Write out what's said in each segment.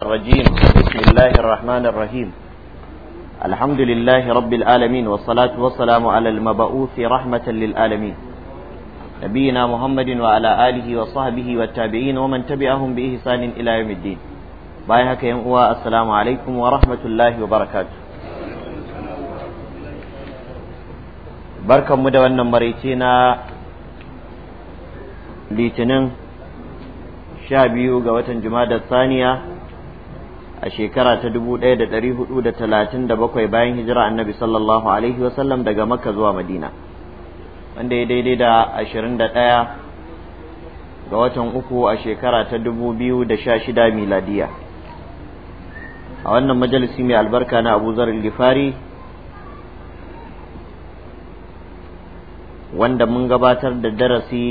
الرجيم بسم الله الرحمن الرحيم الحمد لله رب العالمين والصلاة والسلام على المبعوث رحمة للعالمين نبينا محمد وعلى آله وصحبه والتابعين ومن تبعهم بإحسان إلى يوم الدين بايهك ينقوى السلام عليكم ورحمة الله وبركاته بركة مدونة مريتنا litinin sha biyu ga watan juma'a da saniya a shekara ta 1437 bayan hijira annabi sallallahu alaihi wasallam daga makka zuwa madina wanda ya daidai da 21 ga watan uku a shekara ta 2016 miladiya a wannan majalisi mai albarka na abu zarar gifari wanda mun gabatar da darasi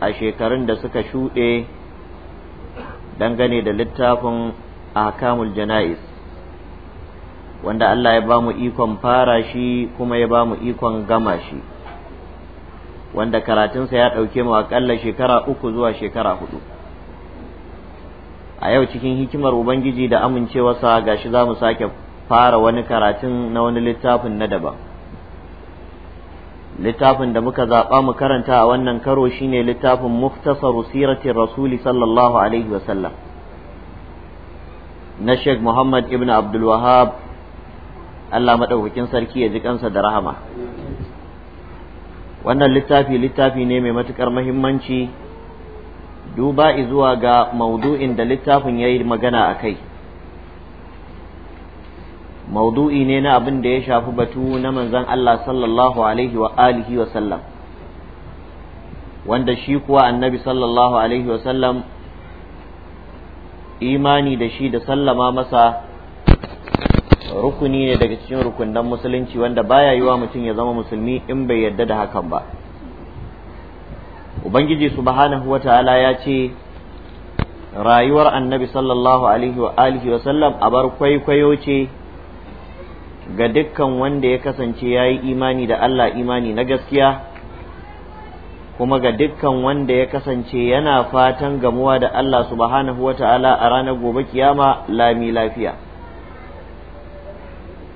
a shekarun da suka shuɗe dangane da littafin ahkamul jana'iz wanda Allah ya ba mu ikon fara shi kuma ya ba mu ikon gama shi wanda karatunsa ya ɗauke mu aƙalla shekara uku zuwa shekara hudu a yau cikin hikimar ubangiji da amincewarsa gashi za mu sake fara wani karatun na wani littafin na daban littafin da muka zaɓa mu karanta a wannan karo shine littafin muftasaru siratin rasuli sallallahu alaihi wasallam na Sheikh Muhammad ibn Abdul Wahab Allah madaukakin sarki ya ji kansa da rahama wannan littafi littafi ne mai matukar mahimmanci duba zuwa ga maudu'in da littafin ya yi magana a kai maudu'i ne na abin da ya shafi batu na manzan Allah sallallahu alaihi wa alihi wa sallam wanda shi kuwa annabi sallallahu alaihi wa sallam imani da shi da sallama masa rukuni ne daga cikin rukunan musulunci wanda baya yi wa mutum ya zama musulmi in bai yarda da hakan ba ubangiji subhanahu wa ta'ala ya ce rayuwar annabi sallallahu alaihi wa alihi wa sallam abar kwaikwayo ce ga dukkan wanda ya kasance ya yi imani da Allah imani na gaskiya kuma ga dukkan wanda ya kasance yana fatan gamuwa da Allah subhanahu wa a ranar gobe kiyama lami lafiya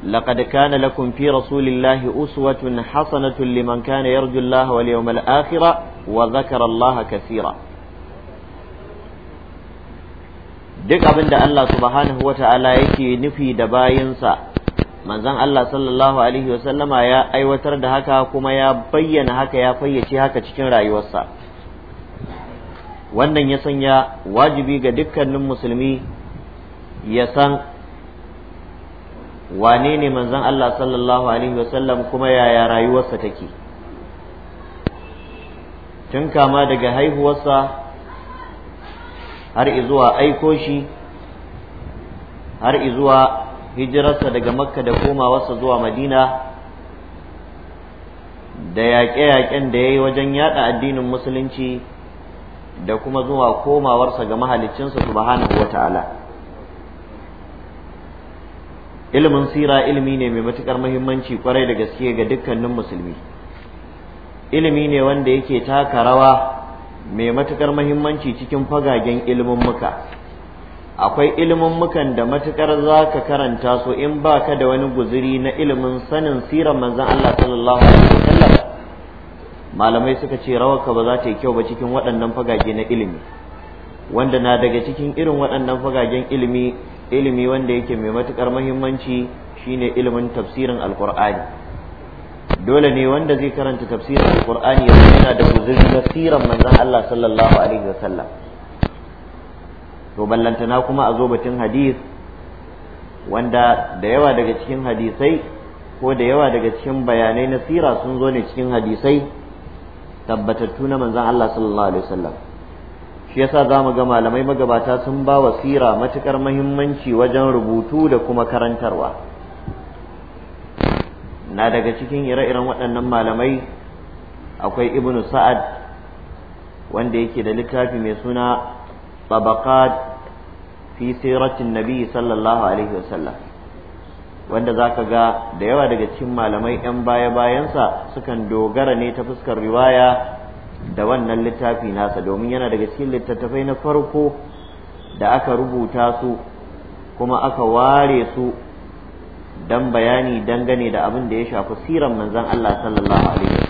لقد كان لكم في رسول الله أسوة حسنة لمن كان يرجو الله واليوم الآخر وذكر الله duk abinda Allah subhanahu wa ta'ala yake nufi da bayansa. manzon Allah sallallahu alaihi wasallama ya aiwatar da haka kuma ya bayyana haka ya fayyace haka cikin rayuwarsa wannan ya sanya wajibi ga dukkanin musulmi ya san wane ne manzon Allah sallallahu alaihi wasallam kuma yaya rayuwarsa take tun kama daga haihuwarsa har izuwa aiko shi har izuwa hijirarsa daga makka da komawarsa zuwa madina da yaƙe-yaƙen da ya yi wajen yaɗa addinin musulunci da kuma zuwa komawarsa ga mahaliccinsa subhanahu wa ta'ala ilimin sira ilimi ne mai matuƙar muhimmanci kwarai da gaske ga dukkanin musulmi ilimi ne wanda yake taka rawa mai matuƙar muhimmanci cikin fagagen ilimin muka akwai ilimin mukan da matukar za ka karanta su in ba ka da wani guziri na ilimin sanin siran manzan Allah sallallahu alaihi wasallam malamai suka ce rawarka ba za ta yi kyau ba cikin waɗannan fagage na ilimi wanda na daga cikin irin waɗannan fagagen ilimi ilimi wanda yake mai matukar muhimmanci shine ilimin tafsirin alqur'ani dole ne wanda zai karanta tafsirin alqur'ani ya yana da guziri na siran manzan Allah sallallahu alaihi wasallam to ballantana kuma a zo batun hadis wanda da yawa daga cikin hadisai ko da yawa daga cikin bayanai na sira sun zo ne cikin hadisai tabbatattu na manzon Allah sallallahu alaihi wasallam shi yasa za mu ga malamai magabata sun ba wa sira matukar muhimmanci wajen rubutu da kuma karantarwa na daga cikin ire-iren waɗannan malamai akwai ibnu sa'ad wanda yake da littafi mai suna tabaqat fi siratin nabi sallallahu alaihi wasallam wanda zaka ga da yawa daga cikin malamai yan baya bayansa sukan dogara ne ta fuskar riwaya da wannan littafi nasa domin yana daga cikin littattafai na farko da aka rubuta su kuma aka ware su dan bayani dangane da abin da ya shafi siran manzon Allah sallallahu alaihi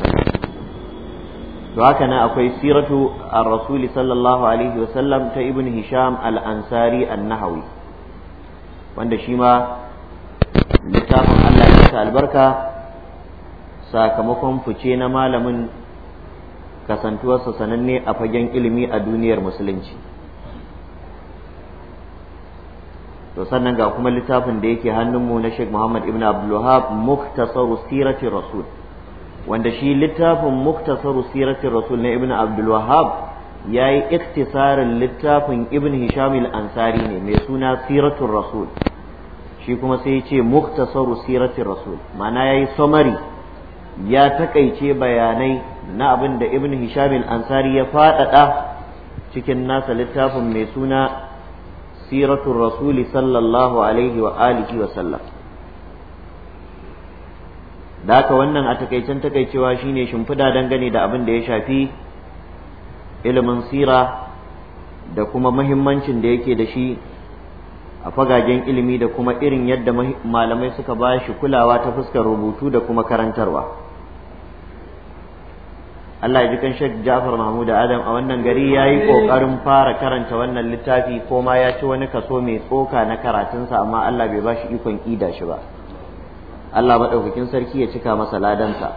to haka nan akwai siratu ar-rasul sallallahu alaihi wasallam ta ibn hisham al-ansari an-nahawi wanda shi ma littafin Allah ya ta albarka sakamakon fice na malamin kasantuwarsa sananne a fagen ilimi a duniyar musulunci to sannan ga kuma littafin da yake hannunmu na Sheikh Muhammad Ibn Abdul Wahhab Mukhtasaru Siratir Rasul wanda shi littafin muktasaru siratin rasul na ibn abdul wahab ya yi iktisarin littafin ibn hisham ansari ne mai suna siratun rasul shi kuma sai ya ce muktasaru siratin rasul ma'ana ya yi samari ya takaice bayanai na abin da ibn hisham ansari ya faɗaɗa cikin nasa littafin mai suna siratun rasuli sallallahu alaihi wa alihi wa sallam da haka wannan a takaicen takaicewa shine shimfiɗa dangane da abin da ya shafi ilimin sira da kuma mahimmancin da yake da shi a fagagen ilimi da kuma irin yadda malamai suka ba shi kulawa ta fuskar rubutu da kuma karantarwa Allah ya ji kan Sheikh Ja'far Mahmud Adam a wannan gari ya yi ƙoƙarin fara karanta wannan littafi ko ma ya ci wani kaso mai tsoka na karatunsa amma Allah bai ba shi ikon ƙida shi ba. Allah maɗaukakin sarki ya cika masa ladansa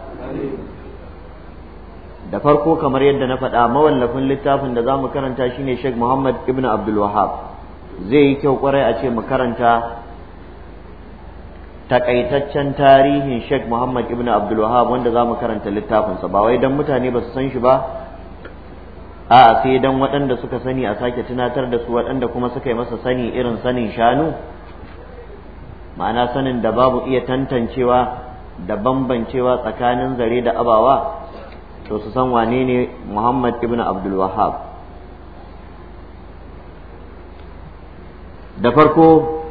da farko kamar yadda na faɗa mawallafin littafin da za mu karanta shine Sheikh Muhammad ibn Abdul Wahab zai yi kyau kwarai a ce mu karanta takaitaccen tarihin Sheikh Muhammad ibn Abdul Wahab wanda za mu karanta littafinsa ba wai dan mutane ba su san shi ba a'a sai dan waɗanda suka sani a sake tunatar da su waɗanda kuma suka yi masa sani irin sanin shanu ma'ana sanin da babu iya tantancewa da bambancewa tsakanin zare da abawa to su san wane ne Muhammad ibn Abdul Wahhab da farko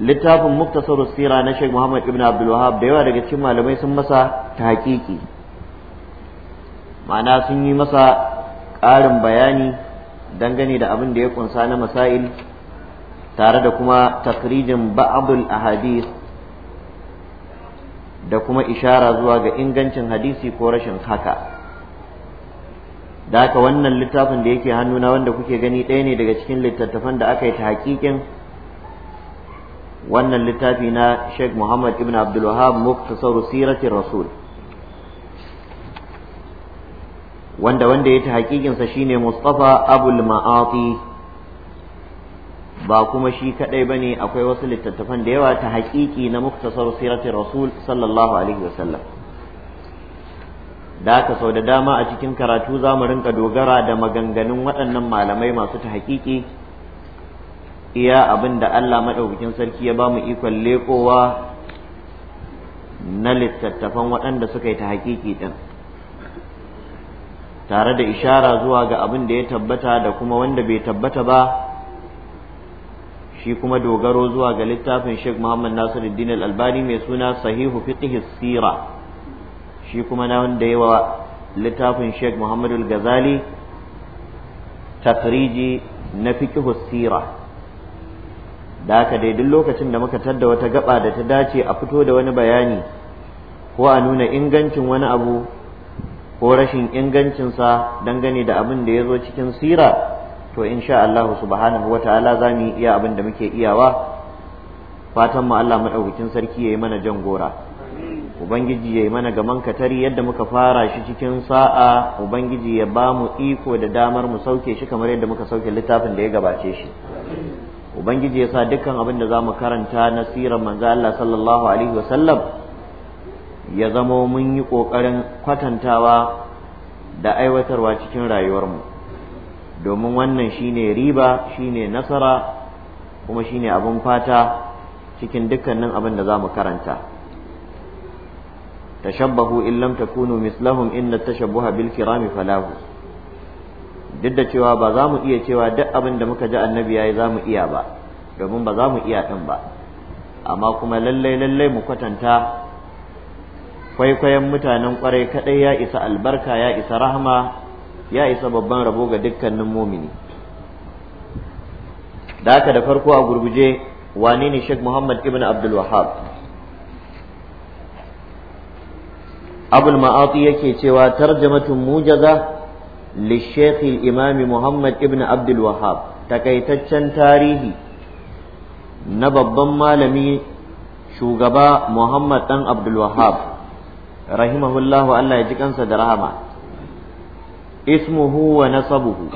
littafin muktasar sira na Sheikh Muhammad ibn Abdul Wahhab da yawa daga cikin malamai sun masa tahqiqi ma'ana sun yi masa ƙarin bayani dangane da abin da ya kunsa na masail tare da kuma takrijin a ahadith da kuma ishara zuwa ga ingancin hadisi ko rashin haka da haka wannan littafin da yake hannuna wanda kuke gani ɗaya ne daga cikin littattafan da aka yi ta hakikin? wannan littafi na Sheikh Muhammad ibn Abdul Wahhab Muftasaru Siratir Rasul wanda wanda ya ta haƙiƙinsa shine Mustafa Abul Ma'ati ba kuma shi kadai bane akwai wasu littattafan da yawa ta haƙiƙi na muktasar siratin rasul sallallahu alaihi wasallam da ka sau da dama a cikin karatu za mu rinka dogara da maganganun waɗannan malamai masu ta haƙiƙi iya abin da Allah maɗaukakin sarki ya ba mu ikon lekowa na littattafan waɗanda suka yi ta haƙiƙi ɗin tare da ishara zuwa ga abin da ya tabbata da kuma wanda bai tabbata ba shi kuma dogaro zuwa ga littafin Sheikh Muhammad Nasiruddin Al-Albani mai suna Sahihu Fiqh Sira shi kuma na wanda yawa littafin Sheikh Muhammad Al-Ghazali takriji na fiqh Sira da haka dai duk lokacin da muka tadda wata gaba da ta dace a fito da wani bayani ko a nuna ingancin wani abu ko rashin ingancinsa dangane da abin da ya zo cikin sira to in sha Allah subhanahu ta'ala za mu iya abin da muke iyawa fatan mu Allah madaukakin sarki ya yi mana jan gora ubangiji yayi mana gaman katari yadda muka fara shi cikin sa'a ubangiji ya ba mu iko da damar mu sauke shi kamar yadda muka sauke littafin da ya gabace shi ubangiji ya sa dukkan abin da za mu karanta na sirar manzo Allah sallallahu alaihi wasallam ya zamo mun yi ƙoƙarin kwatantawa da aiwatarwa cikin rayuwarmu domin wannan shine riba shine nasara kuma shine abin fata cikin dukkanin abin da za mu karanta tashabbahu in lam takunu mislahum inna tashabbuha bil kirami falahu duk da cewa ba za mu iya cewa duk abin da muka ji annabi yayi za mu iya ba domin ba za mu iya din ba amma kuma lallai lallai mu kwatanta kwaikwayon mutanen kwarai kaɗai ya isa albarka ya isa rahama. ya isa babban rabo ga dukkanin mumini da haka da farko a gurguje wane ne Sheikh Muhammad ibn Abdul Wahab Abul Ma'ati yake cewa tarjamatun mujaza li Sheikh Imam Muhammad ibn Abdul Wahab takaitaccen tarihi na babban malami shugaba Muhammad dan Abdul Wahab rahimahullahu Allah ya ji kansa da rahama ismuhu wa nasabuhu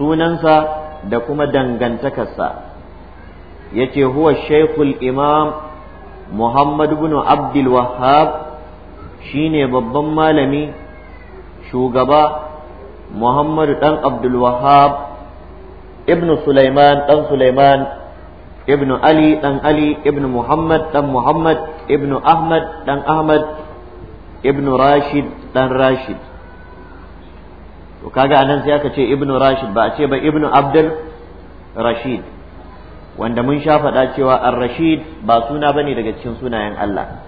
sunansa da kuma dangantakarsa yace huwa shaykhul imam muhammad ibn abdul wahhab shine babban malami shugaba muhammad dan abdul wahhab ibn sulaiman dan sulaiman ibn ali dan ali ibnu muhammad dan muhammad ibn ahmad dan ahmad ibn rashid dan rashid to kaga anan sai aka ce ibnu rashid ba a ce ba ibnu abdul rashid wanda mun sha faɗa cewa ar-rashid ba suna bane daga cikin sunayen Allah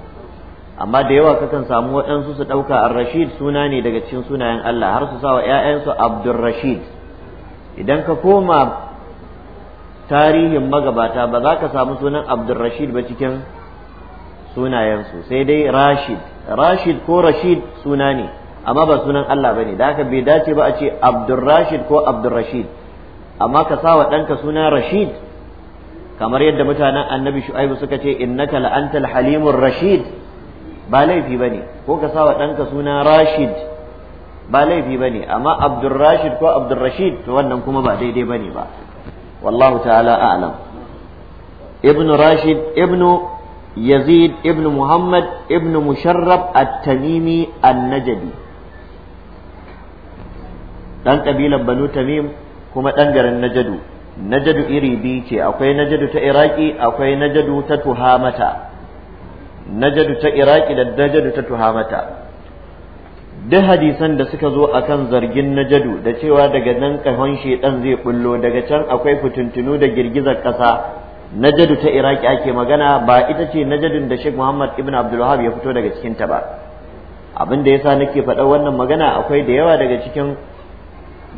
amma da yawa kakan samu waɗansu su ɗauka ar-rashid suna ne daga cikin sunayen Allah har su sawa ƴaƴansu abdul rashid idan ka koma tarihin magabata ba za ka samu sunan abdul rashid ba cikin sunayensu sai dai rashid rashid ko rashid suna ne amma ba sunan Allah bane da haka bai dace ba a ce Abdurrashid ko Abdurrashid amma ka sa wa ɗanka suna Rashid kamar yadda mutanen annabi Shu'aibu suka ce innaka la'antal halimur rashid ba laifi bane ko ka sa wa ɗanka suna Rashid ba laifi ba ne amma abdurrashid ko abdurrashid to wannan kuma ba daidai ba ne ba wallahu ta'ala a'lam ibnu rashid ibnu yazid ibnu muhammad ibnu musharrab at-tamimi Ɗan kabilan banu tamim kuma ɗan garin najadu najadu iri biyu ce akwai najadu ta iraki akwai najadu ta tuhamata najadu ta iraki da najadu ta tuhamata duk hadisan da suka zo a kan zargin najadu da cewa daga nan kahon shedan zai bullo daga can akwai fitintunu da girgizar kasa najadu ta iraki ake magana ba ita ce najadun da sheikh muhammad ibn abdulwahab ya fito daga cikinta ba abin da yasa nake faɗa wannan magana akwai da yawa daga cikin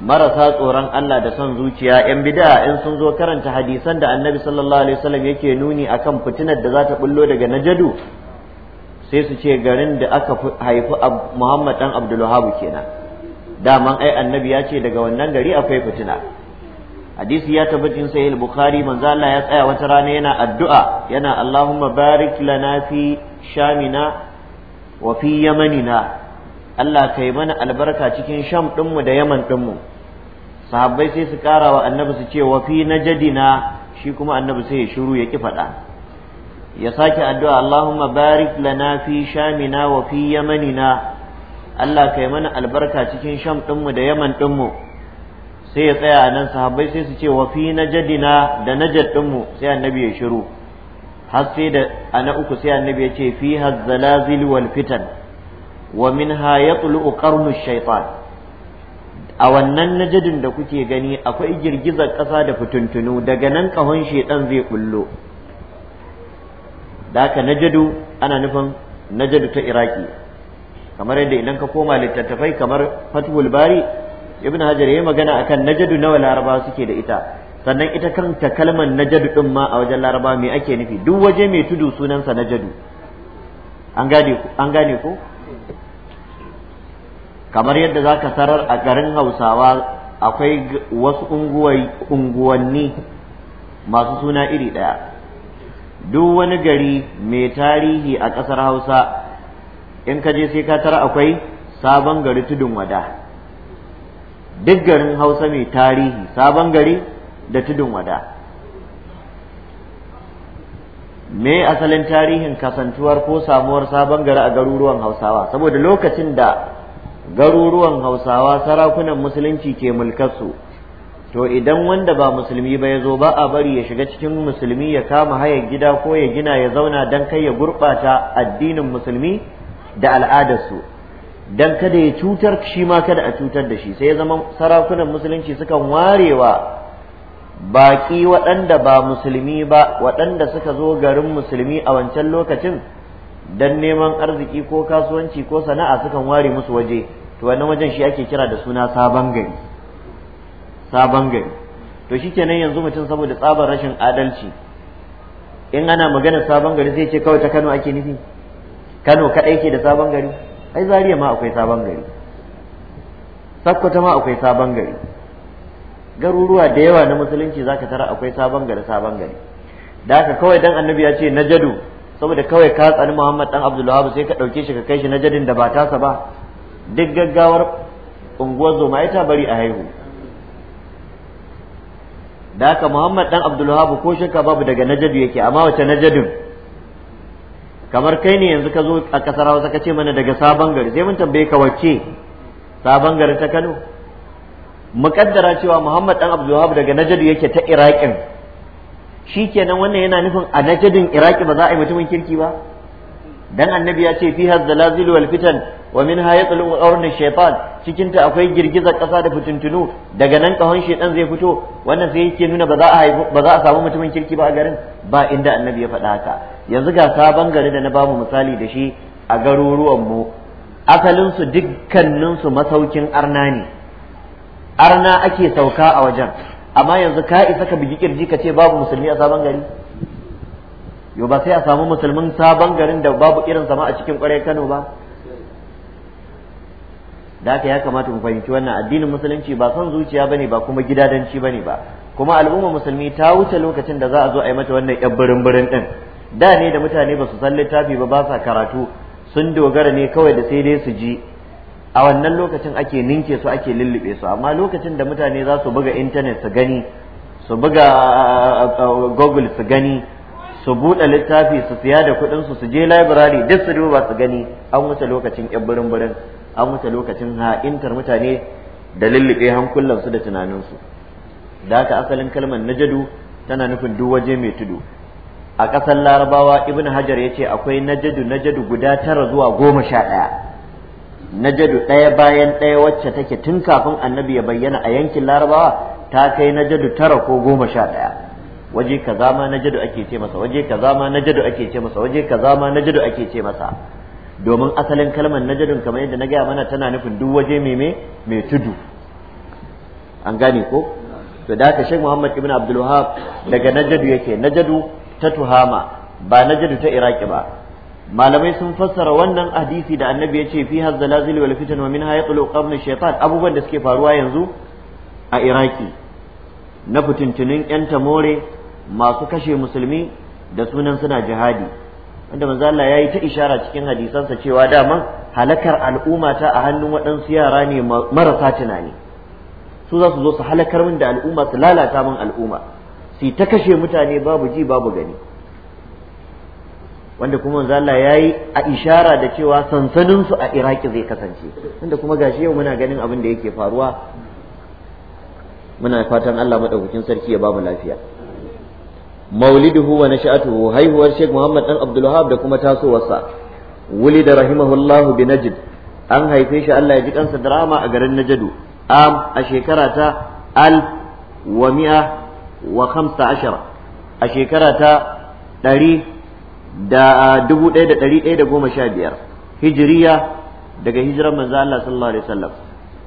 marasa tsoron Allah da son zuciya yan bid'a in sun zo karanta hadisan da Annabi sallallahu alaihi wasallam yake nuni akan fitinar da za ta bullo daga najadu sai su ce garin da aka haifi Muhammad dan Abdul kenan daman ai Annabi ya ce daga wannan gari akwai fitina hadisi ya tabbata in sahih bukhari manzo Allah ya tsaya wata rana yana addu'a yana Allahumma barik lana fi shamina wa fi yamanina Allah ka yi mana albarka cikin sham ɗinmu da yaman ɗinmu sahabbai sai su ƙara wa annabi su ce wa fi jadina shi kuma annabi sai ya shiru ya ki faɗa ya sake addu'a Allahumma barik lana fi shamina wa fi yamanina Allah ka yi mana albarka cikin sham ɗinmu da yaman ɗinmu sai ya tsaya a nan sahabai sai su ce wa fi jadina da najad ɗinmu sai annabi ya shiru har sai da ana uku sai annabi ya ce fi hazzalazil wal fitan wa minha yatlu'u qarnu shaytan a wannan najadin da kuke gani akwai girgizar ƙasa da fituntunu daga nan ƙahon shaidan zai kullo da haka najadu ana nufin najadu ta iraki kamar yadda idan ka koma littattafai kamar fathul bari ibn hajar ya magana kan najadu nawa laraba suke da ita sannan ita kanta kalmar najadu ɗin ma a wajen laraba me ake nufi duk waje mai tudu sunansa najadu an gane ko kamar yadda za ka sarar a garin hausawa akwai wasu unguwanni masu suna iri ɗaya duk wani gari mai tarihi a ƙasar hausa in ka je sai ka tara akwai sabon gari tudun wada duk garin hausa mai tarihi sabon gari da tudun wada me asalin tarihin kasantuwar ko samuwar sabon gari a garuruwan hausawa saboda lokacin da garuruwan hausawa sarakunan musulunci ke mulkarsu to idan wanda ba musulmi ba ya zo ba a bari ya shiga cikin musulmi ya kama hayar gida ko ya gina ya zauna don kai ya gurɓata addinin musulmi da al'adarsu don kada ya cutar shi ma kada a cutar da shi sai ya zama sarakunan musulunci sukan warewa baƙi waɗanda ba musulmi ba waɗanda suka zo garin musulmi a wancan lokacin dan neman arziki ko kasuwanci ko sana'a sukan ware musu waje to wannan wajen shi ake kira da suna sabon gari sabon gari to shikenan yanzu mutum saboda tsabar rashin adalci in ana magana sabon gari zai ce kawai ta Kano ake nufi Kano kadai ke da sabon gari ai Zariya ma akwai sabon gari Sakkwata ma akwai sabon gari garuruwa da yawa na musulunci zaka tara akwai sabon gari sabon gari da haka kawai dan annabi ya ce najadu saboda kawai ka tsani Muhammad dan Abdul Wahab sai ka dauke shi ka kai shi najadin da ba tasa ba duk gaggawar unguwar zoma ita bari a haihu da haka Muhammad dan Abdul Wahab ko shakka babu daga najadu yake amma wace najadin kamar kai ne yanzu ka zo a kasar Hausa ka ce mana daga sabon gari sai mun tambaye ka wacce sabon gari ta Kano muƙaddara cewa Muhammad dan Abdul Wahab daga najadu yake ta Iraqin Shi shikenan wannan yana nufin a najadin iraki ba za a yi mutumin kirki ba dan annabi ya ce fiha zalazil wal fitan wa min minha yatlu awrun shaytan cikin ta akwai girgizar kasa da fitintunu daga nan kahon shedan zai fito wannan sai yake nuna ba za a samu mutumin kirki ba a garin ba inda annabi ya faɗa haka yanzu ga sabon gari da na bamu misali da shi a garuruwan mu asalin su masaukin arna ne arna ake sauka a wajen amma yanzu ka isa ka bugi kirji ka ce babu musulmi a sabon gari yo ba sai a samu musulmin sabon garin da babu irin sama a cikin kwarai Kano ba da haka ya kamata mu fahimci wannan addinin musulunci ba son zuciya bane ba kuma gidadanci bane ba kuma al'umma musulmi ta wuce lokacin da za a zo a yi mata wannan yan birin birin din da ne da mutane ba su san littafi ba ba sa karatu sun dogara ne kawai da sai dai su ji a wannan lokacin ake ninke su ake lullube su amma lokacin da mutane za su buga intanet su gani su buga ah, ah, ah, google su gani su buɗe littafi su siya da kuɗin su su je library duk su duba su gani an wuce lokacin ƴan birin birin an wuce lokacin ha'intar mutane da lullube hankulansu da tunaninsu da haka asalin kalmar najadu tana nufin duk waje mai tudu a ƙasar larabawa ibn hajar ya ce akwai najadu najadu guda tara zuwa goma sha ɗaya najadu ɗaya bayan ɗaya wacce take tun kafin annabi ya bayyana a yankin larabawa ta kai najadu tara ko goma sha ɗaya waje ka zama ma najadu ake ce masa waje ka zama ma najadu ake ce masa waje ka zama ma najadu ake ce masa domin asalin kalmar najadu kamar yadda na gaya mana tana nufin duk waje mai mai tudu an gane ko to da haka shek Muhammad Ibn Abdulwahab Wahab daga najadu yake najadu ta Tuhama ba najadu ta Iraki ba malamai sun fassara wannan hadisi da annabi ya ce fi hazzalazil wal fitan wa minha yaqulu qarnu shaytan abubuwan da suke faruwa yanzu a iraki na fitintunin yan tamore masu kashe musulmi da sunan suna jihadi wanda manzo Allah yayi ta ishara cikin hadisansa cewa daman halakar al'umma ta a hannun waɗansu yara ne marasa tunani su za su zo su halakar min da al'umma su lalata min al'umma su ta kashe mutane babu ji babu gani wanda kuma manzo ya yi a ishara da cewa sansaninsu a Iraki zai kasance inda kuma gashi yau muna ganin abin da yake faruwa muna fatan Allah madaukakin sarki ya mu lafiya mauliduhu wa nasha'atuhu haihuwar Sheikh Muhammad dan Abdulwahab da kuma tasowarsa wulida rahimahullahu bi Najd an haife shi Allah ya ji kansa drama a garin Najdu am a shekara ta al wa mi'a wa khamsa ashara a shekara ta ɗari da ah, dubu ɗaya da ɗari ɗaya da goma sha biyar hijiriya daga hijirar manzo Allah sallallahu alaihi wasallam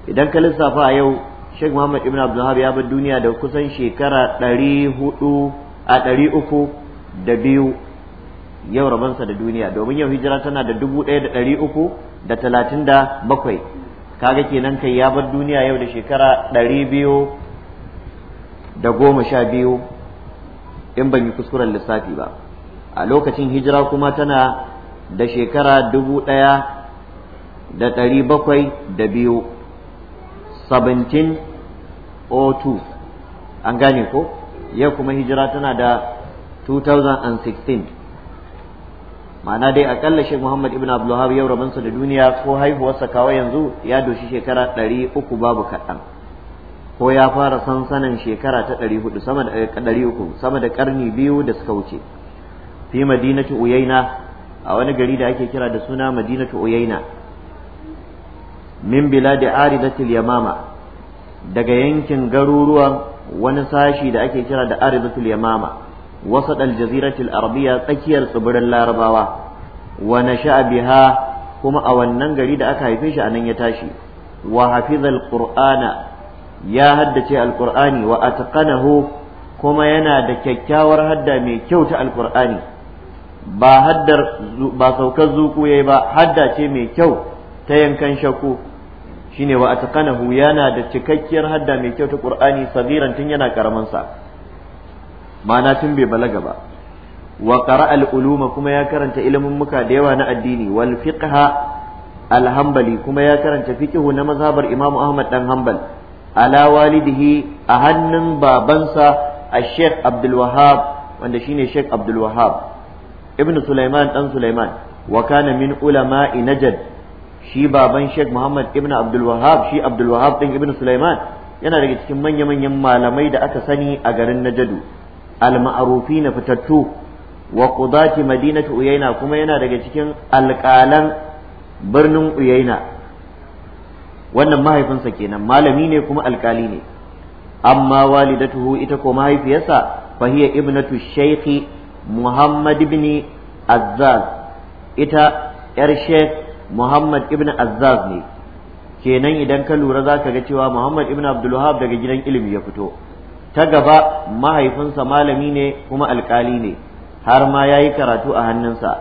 idan ka lissafa a yau Sheikh Muhammad Ibn Abdul ya bar duniya da kusan shekara ɗari hudu a ɗari uku da biyu yau rabansa da duniya domin yau hijira tana da dubu ɗaya da ɗari uku da talatin da bakwai kaga kenan kai ya bar duniya yau da shekara ɗari biyu da goma sha biyu in ban yi kuskuren lissafi ba a lokacin hijira kuma tana da shekara dubu ɗaya da ɗari bakwai da biyu 1702 an gane ko yau kuma hijira tana da 2016 ma'ana dai akalla shi Muhammad ibn Abdulhab yau rabinsa da duniya ko haihuwarsa kawai yanzu ya doshi shekara ɗari uku babu kaɗan ko ya fara sansanin shekara ta ɗari hudu ɗari uku sama da ƙarni biyu da suka wuce fi madinatu uyaina a wani gari da ake kira da suna madinatu uyaina min biladi aridatil yamama daga yankin garuruwan wani sashi da ake kira da aridatul yamama wasat aljaziratul arabiya tsakiyar tsibirin larabawa wa nasha'a biha kuma a wannan gari da aka haife shi anan ya tashi wa hafizal qur'ana ya haddace alqur'ani wa atqanahu kuma yana da kyakkyawar hadda mai kyau ta alqur'ani ba haddar ba saukar zuku yayi ba hadda ce mai kyau ta yankan shakku shine wa atqanahu yana da cikakkiyar hadda mai kyau ta qur'ani sabiran tun yana karaman sa ma'ana tun bai balaga ba wa qara'a al-uluma kuma ya karanta ilimin muka da yawa na addini wal fiqha al-hanbali kuma ya karanta fiqhu na mazhabar imamu ahmad dan hanbal ala walidihi a hannun babansa a sheikh abdul wahab wanda shine sheikh abdul wahab ibn Sulaiman dan Sulaiman wa kana min ulama'i Najd shi baban Sheikh Muhammad ibn Abdulwahab shi Abdulwahab ɗin din ibn yana daga cikin manya-manyan malamai da aka sani a garin Najadu al maarufi na fitattu wa qudati madinatu Uyaina kuma yana daga cikin alƙalan birnin Uyaina wannan mahaifinsa kenan malami ne kuma alƙali ne amma walidatuhu ita ko mahaifiyarsa fa ibnatu shaykhi muhammad ibn Azaz ita yar sheikh muhammad ibn Azaz ne kenan idan ka lura za ka ga cewa muhammad ibn abdulwahab daga gidan ilimi ya fito ta gaba mahaifinsa malami ne kuma alkali ne har ma ya yi karatu a hannunsa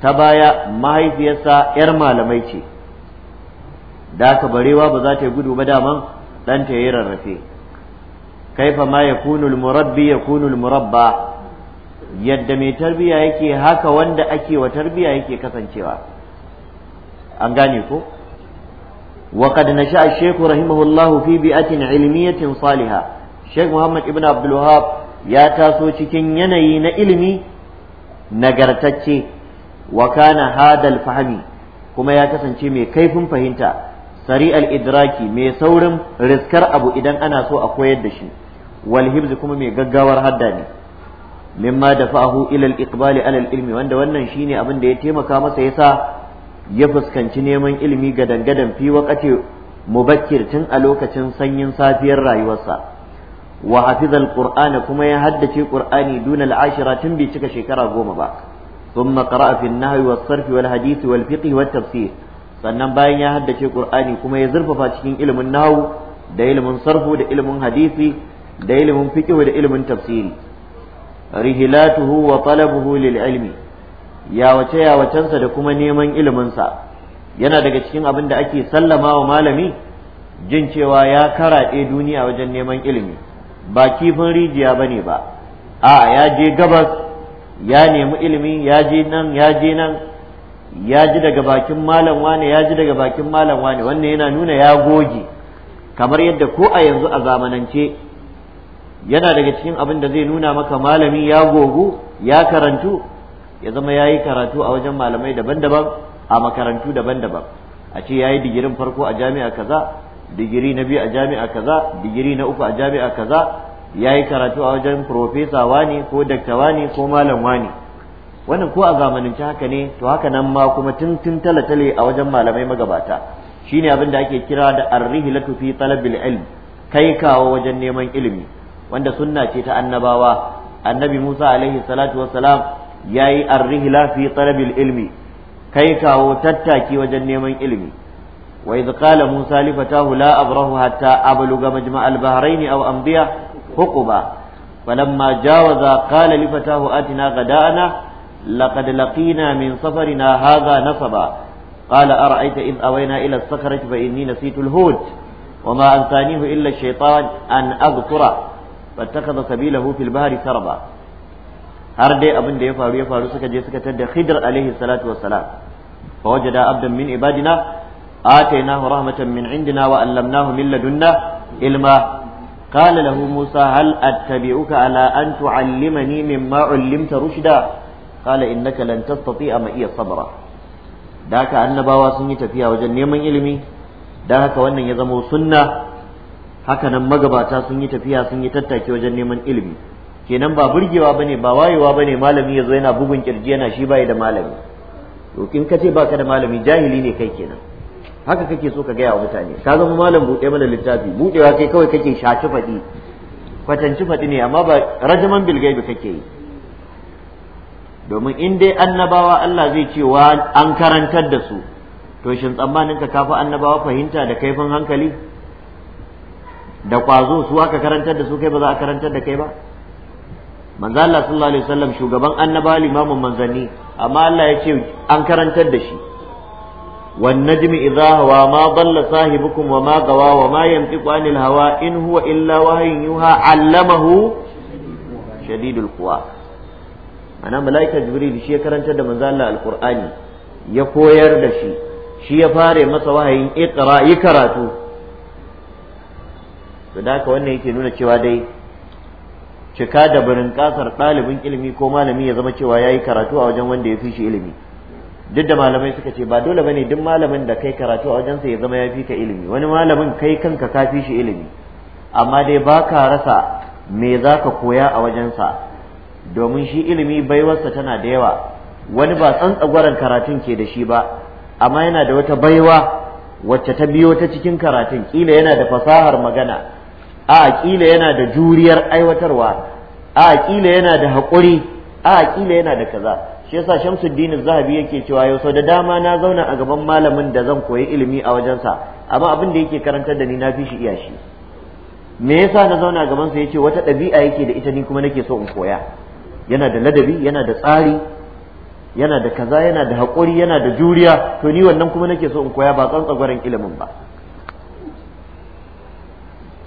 ta baya mahaifiyarsa 'yar malamai ce da ka barewa ba za ta yi gudu ba daman ɗanta ya yi rarrafe kaifa ma ya kunul murabbi ya kunul murabba yadda mai tarbiya yake haka wanda ake wa tarbiya yake kasancewa an gane ko وقد نشأ الشيخ رحمه الله في بيئة علمية صالحة الشيخ محمد ابن عبد الوهاب يا تاسو cikin yanayi na ilimi nagartacce wakana hadal fahmi kuma ya kasance mai kaifin fahimta sari'ar idraki mai saurin riskar abu idan ana so a koyar da shi wal hibz kuma mai gaggawar hadda mimma da fahu ilal iqbali alal ilmi wanda wannan shine abin da ya taimaka masa yasa ya fuskanci neman ilimi ga dangadan fi waqati mubakkir tun a lokacin sanyin safiyar rayuwarsa wa hafizal qurana kuma ya haddace qur'ani duna al-ashira tun bai cika shekara goma ba thumma qara'a fi an-nahwi was-sarf wal-hadith wal-fiqh wat-tafsir sannan bayan ya haddace qur'ani kuma ya zurfafa cikin ilimin nahwu da ilimin sarfu da ilimin hadisi da ilimin fiqh da ilimin tafsiri rihilatuhu wa talabuhu lil ilmi yawace yawacensa da kuma neman iliminsa yana daga cikin abin da ake sallama wa malami jin cewa ya karaɗe duniya wajen neman ilimi ba kifin rijiya ba ne ba a ya je gabas ya nemi ilimi ya je nan ya je nan ya ji daga bakin malam wane ya ji daga bakin malam wane wannan yana nuna ya goge kamar yadda ko a yanzu a zamanance yana daga cikin abin da zai nuna maka malami ya gogu ya karantu ya zama ya yi karatu a wajen malamai daban-daban a makarantu daban-daban a ce ya yi digirin farko a jami'a kaza digiri na biyu a jami'a kaza digiri na uku a jami'a kaza ya yi karatu a wajen profesa wani ko dakta ne ko malam wani wannan ko a zamanance haka ne to haka nan ma kuma tun tun tale a wajen malamai magabata shine abin da ake kira da arrihilatu fi talabil ilm kai kawo wajen neman ilimi wanda sunna ce ta annabawa annabi Musa alaihi salatu wassalam yayi arrihla fi talabil ilmi kai kawo tattaki wajen neman ilimi wa idh qala Musa li fatahu la abrahu hatta abluga majma' al-bahrayn aw amdiya huquba فلما جاوز قال لفتاه آتنا غداءنا لقد لقينا من سفرنا هذا نصبا قال أرأيت إذ أوينا إلى الصخرة فإني نسيت الهود وما أنسانيه إلا الشيطان أن أذكره fattakaza sabila fil bahri saraba har dai abin da ya faru ya faru suka je suka tada khidr alaihi salatu wassalam fa wajada abdan min ibadina atainahu rahmatan min indina wa allamnahu min ladunna ilma قال له موسى هل أتبعك على أن تعلمني مما علمت رشدا قال إنك لن تستطيع معي صبرا da haka annabawa sun yi tafiya wajen neman ilimi da haka wannan ya zamo sunna hakanan magabata sun yi tafiya sun yi tattaki wajen neman ilimi kenan ba burgewa bane ba wayewa bane malami yazo yana bugun kirji yana shi bai da malami to kin kace baka da malami jahili ne kai kenan haka kake so ka gaya wa mutane ka zama malam buɗe mana littafi buɗewa kai kawai kake shaci faɗi kwatanci faɗi ne amma ba rajaman bilgaibi kake yi domin in dai annabawa Allah zai ce wa an karantar da su to shin tsammanin ka kafa annabawa fahimta da kaifin hankali da kwazo su aka karantar da su kai ba za a karantar da kai ba manzo Allah sallallahu alaihi wasallam shugaban annabawa limamin manzanni amma Allah ya ce an karantar da shi wan najmi idha hawa ma dalla sahibukum wa ma gawa wa ma yantiqu anil hawa in huwa illa wahyun yuha allamahu shadidul quwa ana malaika jibril shi ya karantar da manzo Allah alqur'ani ya koyar da shi shi ya fare masa wahayin iqra yi karatu to da haka wannan yake nuna cewa dai cika da barin kasar ɗalibin ilimi ko malami ya zama cewa ya yi karatu a wajen wanda ya fi shi ilimi duk da malamai suka ce ba dole bane duk malamin da kai karatu a wajen sa ya zama ya fi ka ilimi wani malamin kai kanka ka fi shi ilimi amma dai ba ka rasa me za ka koya a wajensa domin shi ilimi baiwarsa tana da yawa wani ba tsantsagwaran karatun ke da shi ba amma yana da wata baiwa wacce ta biyo ta cikin karatun kila yana da fasahar magana a kila yana da juriyar aiwatarwa a kila yana da haƙuri a kila yana da kaza shi yasa Shamsuddin Zahabi yake cewa yau sau da dama na zauna a gaban malamin da zan koyi ilimi a wajensa amma abin da yake karantar da ni na fi shi iya shi me yasa na zauna a gaban sa yace wata ɗabi'a yake da ita ni kuma nake so in koya yana da ladabi yana da tsari yana da kaza yana da haƙuri yana da juriya to ni wannan kuma nake so in koya ba gwaran ilimin ba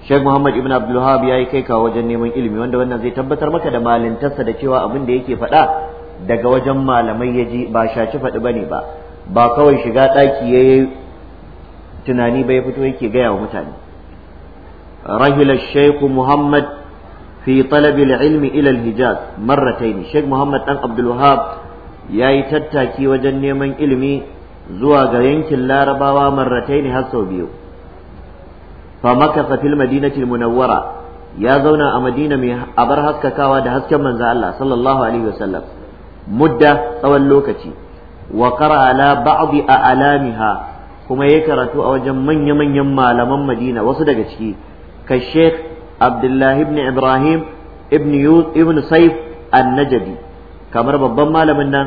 Sheikh Muhammad Ibn Abdul Wahab yi kai ka wajen neman ilimi wanda wannan zai tabbatar maka da malintarsa da cewa abin da yake faɗa daga wajen malamai ya ji ba shaci faɗi bane ba ba kawai shiga ɗaki ya yi tunani ba ya fito yake gaya wa mutane rahila Sheikh Muhammad fi talab ilmi ila al-Hijaz marratayn Sheikh Muhammad dan Abdul Wahab yayi tattaki wajen neman ilimi zuwa ga yankin Larabawa marratayn har sau biyu fa makasa fil madinati munawwara ya zauna a madina mai bar haskakawa da hasken manzo Allah sallallahu alaihi wasallam mudda tsawon lokaci wa qara ala ba'd a'lamiha kuma yayi karatu a wajen manya-manyan malaman Madina wasu daga ciki ka Sheikh Abdullahi ibn Ibrahim ibn Saif an-Najdi kamar babban malamin nan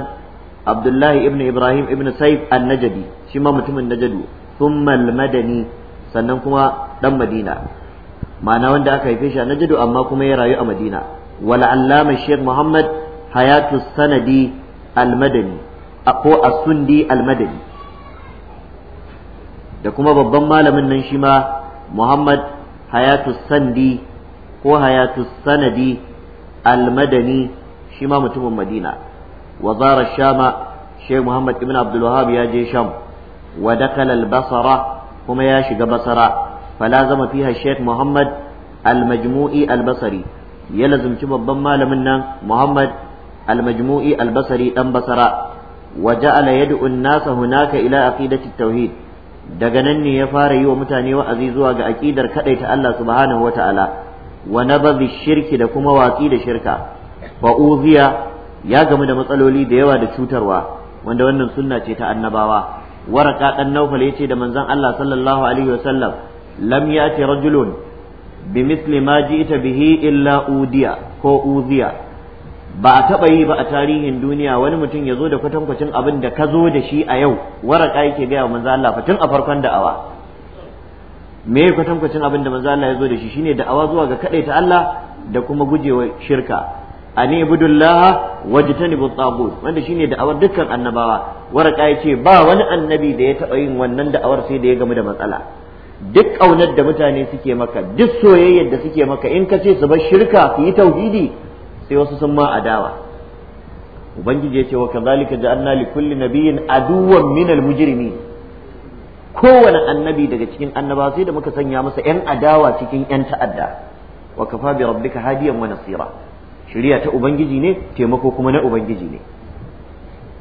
Abdullahi ibn Ibrahim ibn Saif an-Najdi shi ma mutumin Najdu thumma al-Madani sannan kuma dan madina ma'ana wanda aka haife shi a najadu amma kuma ya rayu a madina wala allama sheikh muhammad hayatu sanadi almadani ko as-sundi almadani da kuma babban malamin nan shi ma muhammad hayatu sandi ko hayatu sanadi almadani shi ma mutumin madina wa zara shama sheikh muhammad ibn abdul wahab ya je sham wa dakala al-basra kuma ya shiga basara fala zama fiha sheikh muhammad Almajmui Albasari. ya lazumci babban malamin nan muhammad Almajmui Albasari ɗan dan basara wa ja'ala yad'u an-nasa hunaka ila aqidati tauhid daga nan ne ya fara yi wa mutane wa'azi zuwa ga aqidar ta Allah subhanahu wa ta'ala wa nabadhi shirki da kuma watsi da shirka fa uziya ya gamu da matsaloli da yawa da cutarwa wanda wannan sunna ce ta annabawa waraka dan naufal yace da manzon Allah sallallahu alaihi wasallam lam yati rajulun bimithli ma ji'ta bihi illa udiya ko uziya ba a taɓa yi ba a tarihin duniya wani mutum ya zo da kwatankwacin abin da ka zo da shi a yau waraka yake gaya wa manzon Allah tun a farkon da'awa me kwatankwacin abin da manzon Allah ya zo da shi shine da'awa zuwa ga kadaita Allah da kuma gujewa shirka an ibudullah wajtanibu tagut wanda shine da'awar dukkan annabawa waraka yace ba wani annabi da ya taɓa yin wannan da'awar sai da ya gamu da matsala duk ƙaunar da mutane suke maka duk soyayyar da suke maka in ka ce su bar shirka su yi tauhidi sai wasu sun ma adawa ubangiji ya ce wa kazalika ja'alna li kulli nabiyyin aduwwan minal mujrimin kowane annabi daga cikin annabawa sai da muka sanya masa yan adawa cikin yan ta'adda wa kafa bi rabbika hadiyan wa nasira shari'a ta ubangiji ne taimako kuma na ubangiji ne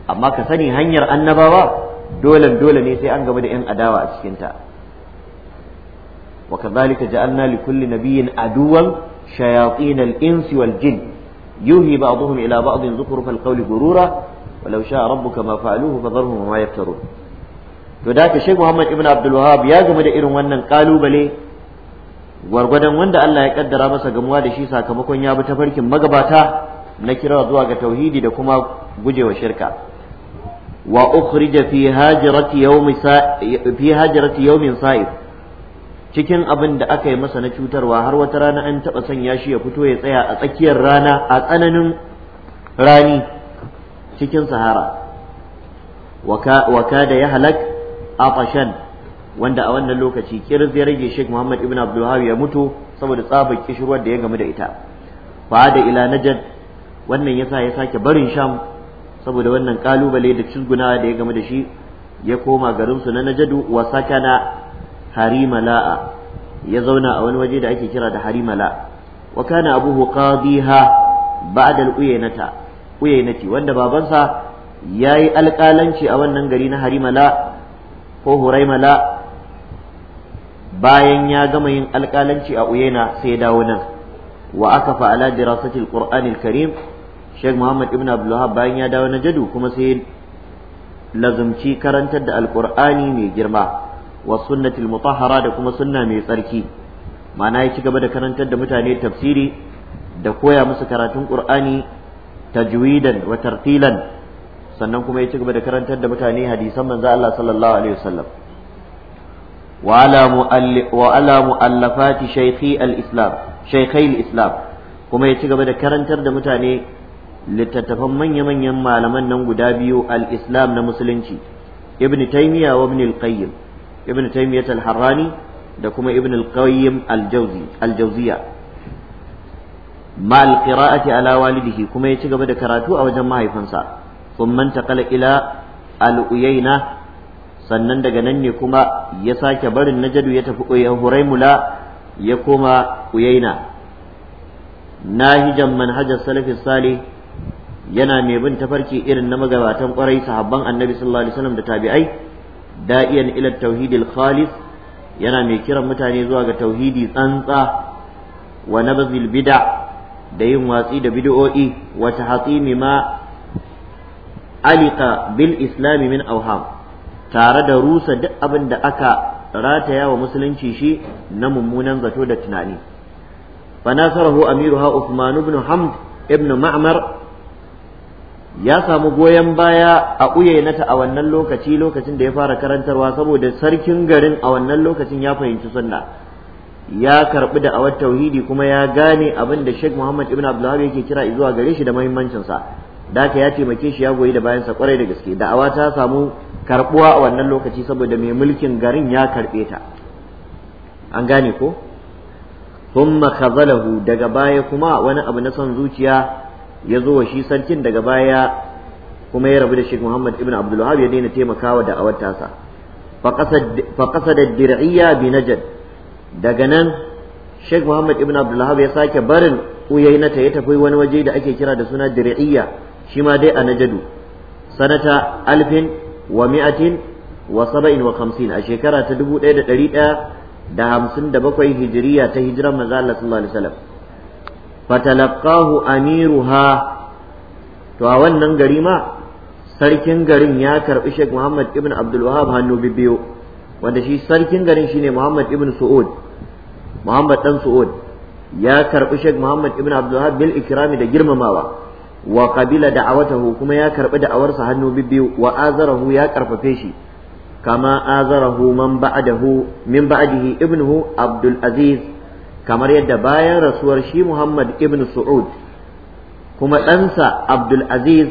amma ka sani hanyar annabawa dolan dole ne sai an gaba da yan adawa a cikinta وكذلك جعلنا لكل نبي عدوا شياطين الإنس والجن يوهي بعضهم إلى بعض زخرف القول غرورا ولو شاء ربك ما فعلوه فذرهم وما يفترون to da ka Sheikh Muhammad Ibn Abdul Wahhab ya game da irin wannan kalubale gwargwadon wanda Allah ya kaddara masa gamuwa da shi sakamakon ya bi ta farkin magabata na kira zuwa ga tauhidi da kuma gujewa shirka wa ukhrija fi hajrati yawmi fi hajrati yawmin sa'if cikin abin da aka yi masa na cutarwa har wata rana an taba sanya shi ya fito ya tsaya a tsakiyar rana a tsananin rani cikin sahara wa da ya halak afashan wanda a wannan lokaci kirz ya rage Sheikh Muhammad ibn Abdul ya mutu saboda tsabar kishirwar da ya gamu da ita fa da ila Najd wannan yasa ya sake barin Sham saboda wannan kalubale da cizgunawa da ya gamu da shi ya koma garin su na Najadu wa sakana harimala ya zauna a wani waje da ake kira da Harimala wa kana abuhu qadiha ba'da al-uyaynata uyaynati wanda babansa yayi alƙalanci a wannan gari na Harimala ko Huraimala bayan ya gama yin alƙalanci a Uyena sai ya dawo nan wa aka fa ala dirasatil qur'anil karim Sheikh Muhammad Ibn Abdul bayan ya dawo na Jadu kuma sai lazumci karantar da alqur'ani mai girma wa sunnatil mutahhara da kuma sunna mai tsarki ma'ana ya ci gaba da karantar da mutane tafsiri da koya musu karatun qur'ani tajwidan wa tartilan sannan kuma ya ci gaba da karantar da mutane hadisan manzo Allah sallallahu alaihi wasallam وعلى مؤلفات شيخي الإسلام شيخي الإسلام كما يتقب دا كرنتر دا متاني لتتفهم من يمن يما لمن ننقو دابيو الإسلام نمسلنشي ابن تيمية وابن القيم ابن تيمية الحراني دا كما ابن القيم الجوزي الجوزية مع القراءة على والده كما يتقب دا كراتو أو جمعه فنسا ثم انتقل إلى الأيينة sannan daga nan ne kuma ya sake barin najadu ya tafi huraimula ya koma uyaina nahijan manhajar salafi sale yana mai bin tafarki irin na magabatan kwarai sahabban annabi sallallahu alaihi wasallam da tabi'ai da'iyan ila tauhidil khalis yana mai kiran mutane zuwa ga tauhidi tsantsa wa nabzil bid'a da yin watsi da bid'o'i wa tahatimi ma alika bil islami min awham tare da rusa duk abin da aka rataya wa musulunci shi na mummunan zato da tunani fanasarahu ha Uthman ibn Hamd ibn Ma'mar ya samu goyon baya a uyenata a wannan lokaci lokacin da ya fara karantarwa saboda sarkin garin a wannan lokacin ya fahimci sunna ya karɓi da awar tauhidi kuma ya gane abin da Sheikh Muhammad ibn Abdullah yake kira zuwa gare shi da mahimmancinsa. Da ka ya taimake shi ya goyi da bayansa kwarai da gaske da'awa ta samu karbuwa a wannan lokaci saboda mai mulkin garin ya karbe ta an gane ko thumma khazalahu daga baya kuma wani abu na son zuciya ya zo wa shi sarkin daga baya kuma ya rabu da Sheikh Muhammad ibn Abdul Wahhab ya daina taimakawa da awar sa fa qasada dir'iyya bi Najd daga nan Sheikh Muhammad ibn Abdul Wahhab ya sake barin uyainata ya tafi wani waje da ake kira da suna dir'iyya shi ma dai a Najadu sanata alfin wa mi'atin wa saba'in wa khamsin a shekara ta dubu ɗaya da ɗari ɗaya da hamsin da bakwai hijiriya ta hijiran maza Allah sallallahu alaihi wasallam fatalaqahu amiruha to a wannan gari ma sarkin garin ya karbi Sheikh Muhammad ibn Abdul Wahhab hannu bibiyo wanda shi sarkin garin shine Muhammad ibn Su'ud Muhammad dan Su'ud ya karbi Sheikh Muhammad ibn Abdul Wahhab bil ikrami da girmamawa wa qabila da'awatahu kuma ya karbi da'awarsa hannu bibbiyu wa azarahu ya karfafe shi kama azarahu man ba'dahu min ba'dihi ibnuhu Abdul Aziz kamar yadda bayan rasuwar shi Muhammad ibn Su'ud kuma ɗansa Abdul Aziz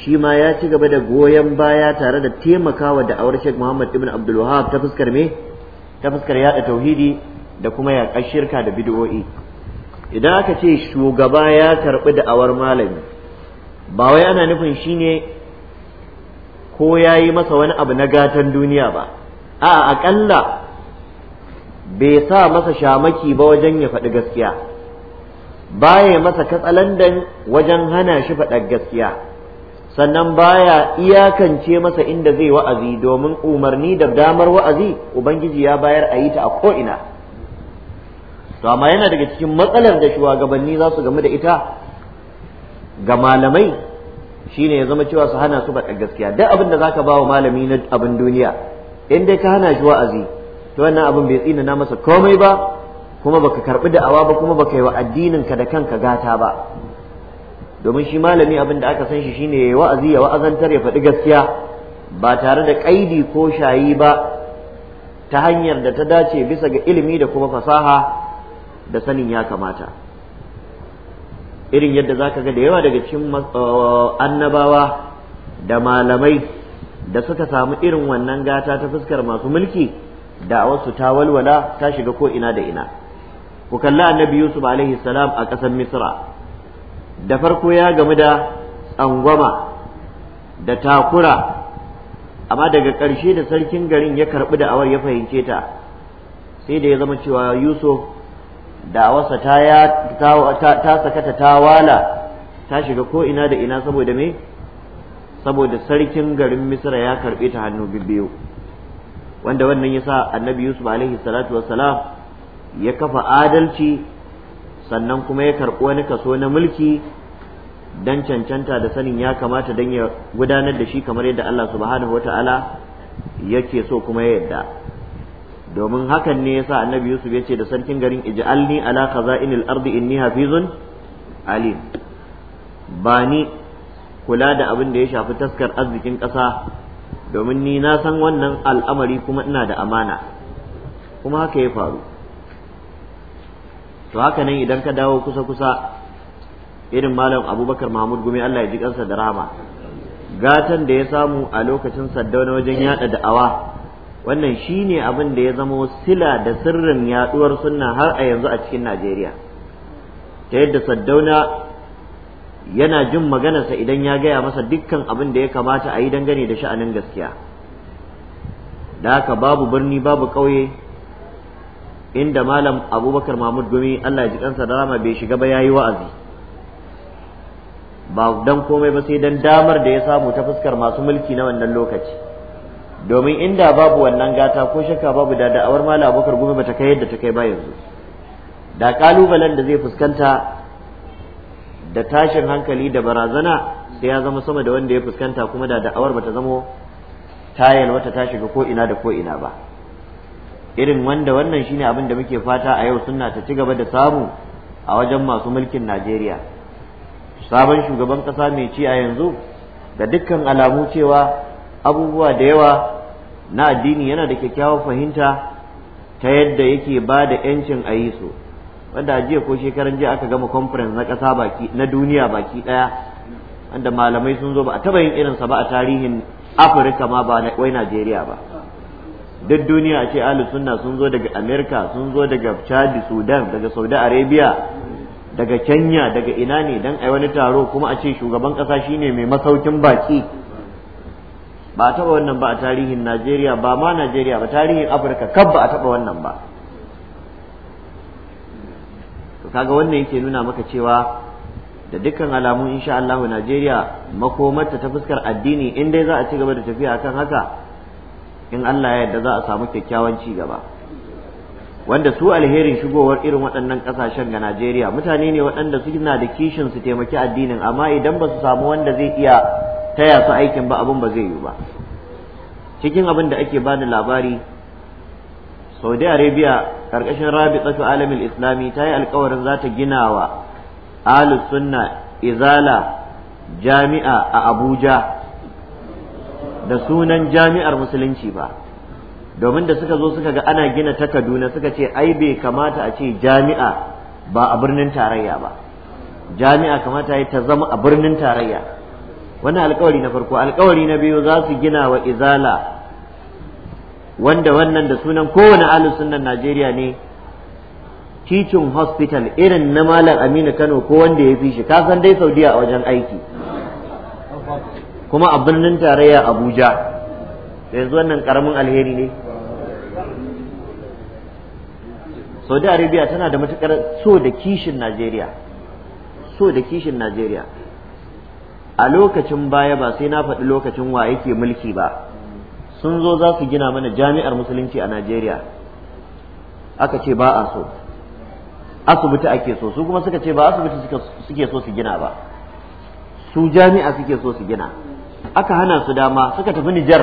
shi ma ya ci gaba da goyon baya tare da taimakawa awar shek Muhammad ibn Abdul Wahab ta fuskar me ta fuskar yada tauhidi da kuma yaƙar shirka da bid'o'i idan aka ce shugaba ya karɓi awar malami ba wai ana nufin shi ne ko ya yi masa wani abu na gatan duniya ba a aƙalla bai sa masa shamaki ba wajen ya faɗi gaskiya baya masa katsalandan wajen hana shi faɗar gaskiya sannan baya iyakance masa inda zai wa'azi domin umarni da damar wa'azi ubangiji ya bayar a yi ta a ko'ina to amma yana daga cikin matsalar da shugabanni za su gamu da ita ga malamai shine ya zama cewa su hana su faɗa gaskiya duk abin da za zaka wa malami na abin duniya in dai ka hana shi wa'azi to wannan abin bai tsina na masa komai ba kuma baka karbi da'awa ba kuma baka yi wa addinin ka da kanka gata ba domin shi malami abin da aka san shi shine ya wa'azi ya wa'azantar ya faɗi gaskiya ba tare da kaidi ko shayi ba ta hanyar da ta dace bisa ga ilimi da kuma fasaha da sanin ya kamata irin yadda za ka ga da yawa daga cikin uh, annabawa da malamai da suka samu irin wannan gata ta fuskar masu mulki da a wasu ta walwala ta shiga ko ina da ina ku kalli annabi yusuf alaihi salam a ƙasar misra da farko ya gamu da tsangwama da takura amma daga ƙarshe da sarkin garin ya karɓi da awar ya fahimce ta sai da ya zama cewa yusuf da'awarsa ta ya ta sakata ta wala ta shiga ko ina da ina saboda me saboda sarkin garin misra ya karbe ta hannu biyu wanda wannan yasa annabi yusuf alaihi salatu wassalam ya kafa adalci sannan kuma ya karɓi wani kaso na mulki dan cancanta da sanin ya kamata dan ya gudanar da shi kamar yadda Allah subhanahu wataala yake so kuma ya yadda domin hakan ne yasa annabi yusuf ya ce da sarkin garin ij'alni ala khaza'inil ardi inni hafizun alim ba ni kula da abin da ya shafi taskar arzikin ƙasa domin ni na san wannan al'amari kuma ina da amana kuma haka ya faru to haka nan idan ka dawo kusa kusa irin malam abubakar mahmud gumi allah ya ji kansa da rama gatan da ya samu a lokacin saddauna wajen yada da'awa wannan shi ne abin da ya zama sila da sirrin yaduwar sunna har a yanzu a cikin Najeriya ta yadda Saddauna yana jin maganarsa idan ya gaya masa dukkan abin da ya kamata a yi dangane da sha'anin gaskiya da haka babu birni babu ƙauye inda malam abubakar mahmud gumi allah ji kansa da rama bai shiga ba ya yi wa'azi ba don komai ba sai don damar da ya samu ta fuskar masu mulki na wannan lokaci domin inda babu wannan gata ko shakka babu da da'awar mala abubakar gumi bata kai yadda ta kai ba yanzu da kalubalen da zai fuskanta da tashin hankali da barazana sai ya zama sama da wanda ya fuskanta kuma da da'awar bata zamo tayin wata ta shiga ko ina da ko ina ba irin wanda wannan shine abin da muke fata a yau sunna ta ci gaba da samu a wajen masu mulkin Najeriya sabon shugaban kasa mai ci a yanzu da dukkan alamu cewa abubuwa da yawa na addini yana da kyakkyawar fahimta ta yadda yake ba da 'yancin a yi su wanda a jiya ko shekaran jiya aka gama conference na ƙasa na duniya baki ɗaya wanda malamai sun zo ba a taba yin irinsa ba a tarihin afirka ma ba wai najeriya ba duk duniya ce ahli sunna sun zo daga america sun zo daga chad sudan daga saudi arabia daga kenya daga ina ne don a wani taro kuma a ce shugaban ƙasa shine mai masaukin baki ba a taba wannan ba a tarihin najeriya ba ma najeriya ba tarihin afirka kab ba a taba wannan ba to kaga wannan yake nuna maka cewa da dukkan alamu insha Allah najeriya makomarta ta fuskar addini in dai za a ci gaba da tafiya akan haka in Allah ya yarda za a samu kyakkyawan ci gaba wanda su alherin shigowar irin waɗannan ƙasashen ga Najeriya mutane ne waɗanda suna da kishin su taimaki addinin amma idan ba su samu wanda zai iya taya su aikin ba abin ba zai yi ba cikin abin da ake bani labari saudi arabia karkashin rabitatu alamin islami ta yi alkawarin za ta gina wa ahlus sunna izala jami'a a abuja da sunan jami'ar musulunci ba domin da suka zo suka ga ana gina ta kaduna suka ce ai bai kamata a ce jami'a ba a birnin tarayya ba jami'a kamata ya ta zama a birnin tarayya wannan alkawari na farko alkawari na biyu za su gina wa izala wanda wannan da sunan kowane ahlus sunnan Najeriya ne teaching hospital irin na malam Aminu Kano ko wanda ya fi shi ka dai Saudiya a wajen aiki kuma a birnin tarayya Abuja yanzu wannan karamin alheri ne Saudi Arabia tana da matukar so da kishin Najeriya so da kishin Najeriya a lokacin baya ba sai na faɗi lokacin wa yake mulki ba sun zo za su gina mana jami'ar musulunci a najeriya aka ce ba a so asibiti ake so su kuma suka ce ba asibiti suke so su gina ba su jami'a suke so su gina aka hana su dama suka tafi nijar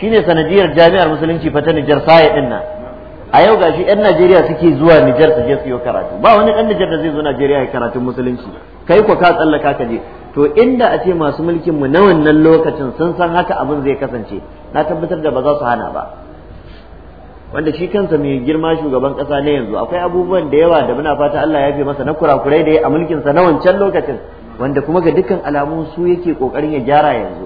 shine sanadiyar jami'ar musulunci fata nijar saye din nan a yau gashi yan Najeriya suke zuwa Nijar su je su yi karatu ba wani ɗan Nijar da zai zo Najeriya ya karatun musulunci kai ko ka tsallaka ka je to inda a ce masu mulkin mu na wannan lokacin sun san haka abin zai kasance na tabbatar da ba za su hana ba wanda shi kansa mai girma shugaban kasa na yanzu akwai abubuwan da yawa da muna fata Allah ya fi masa na kurakurai da ya a mulkin sa na wancan lokacin wanda kuma ga dukkan alamu su yake kokarin ya gyara yanzu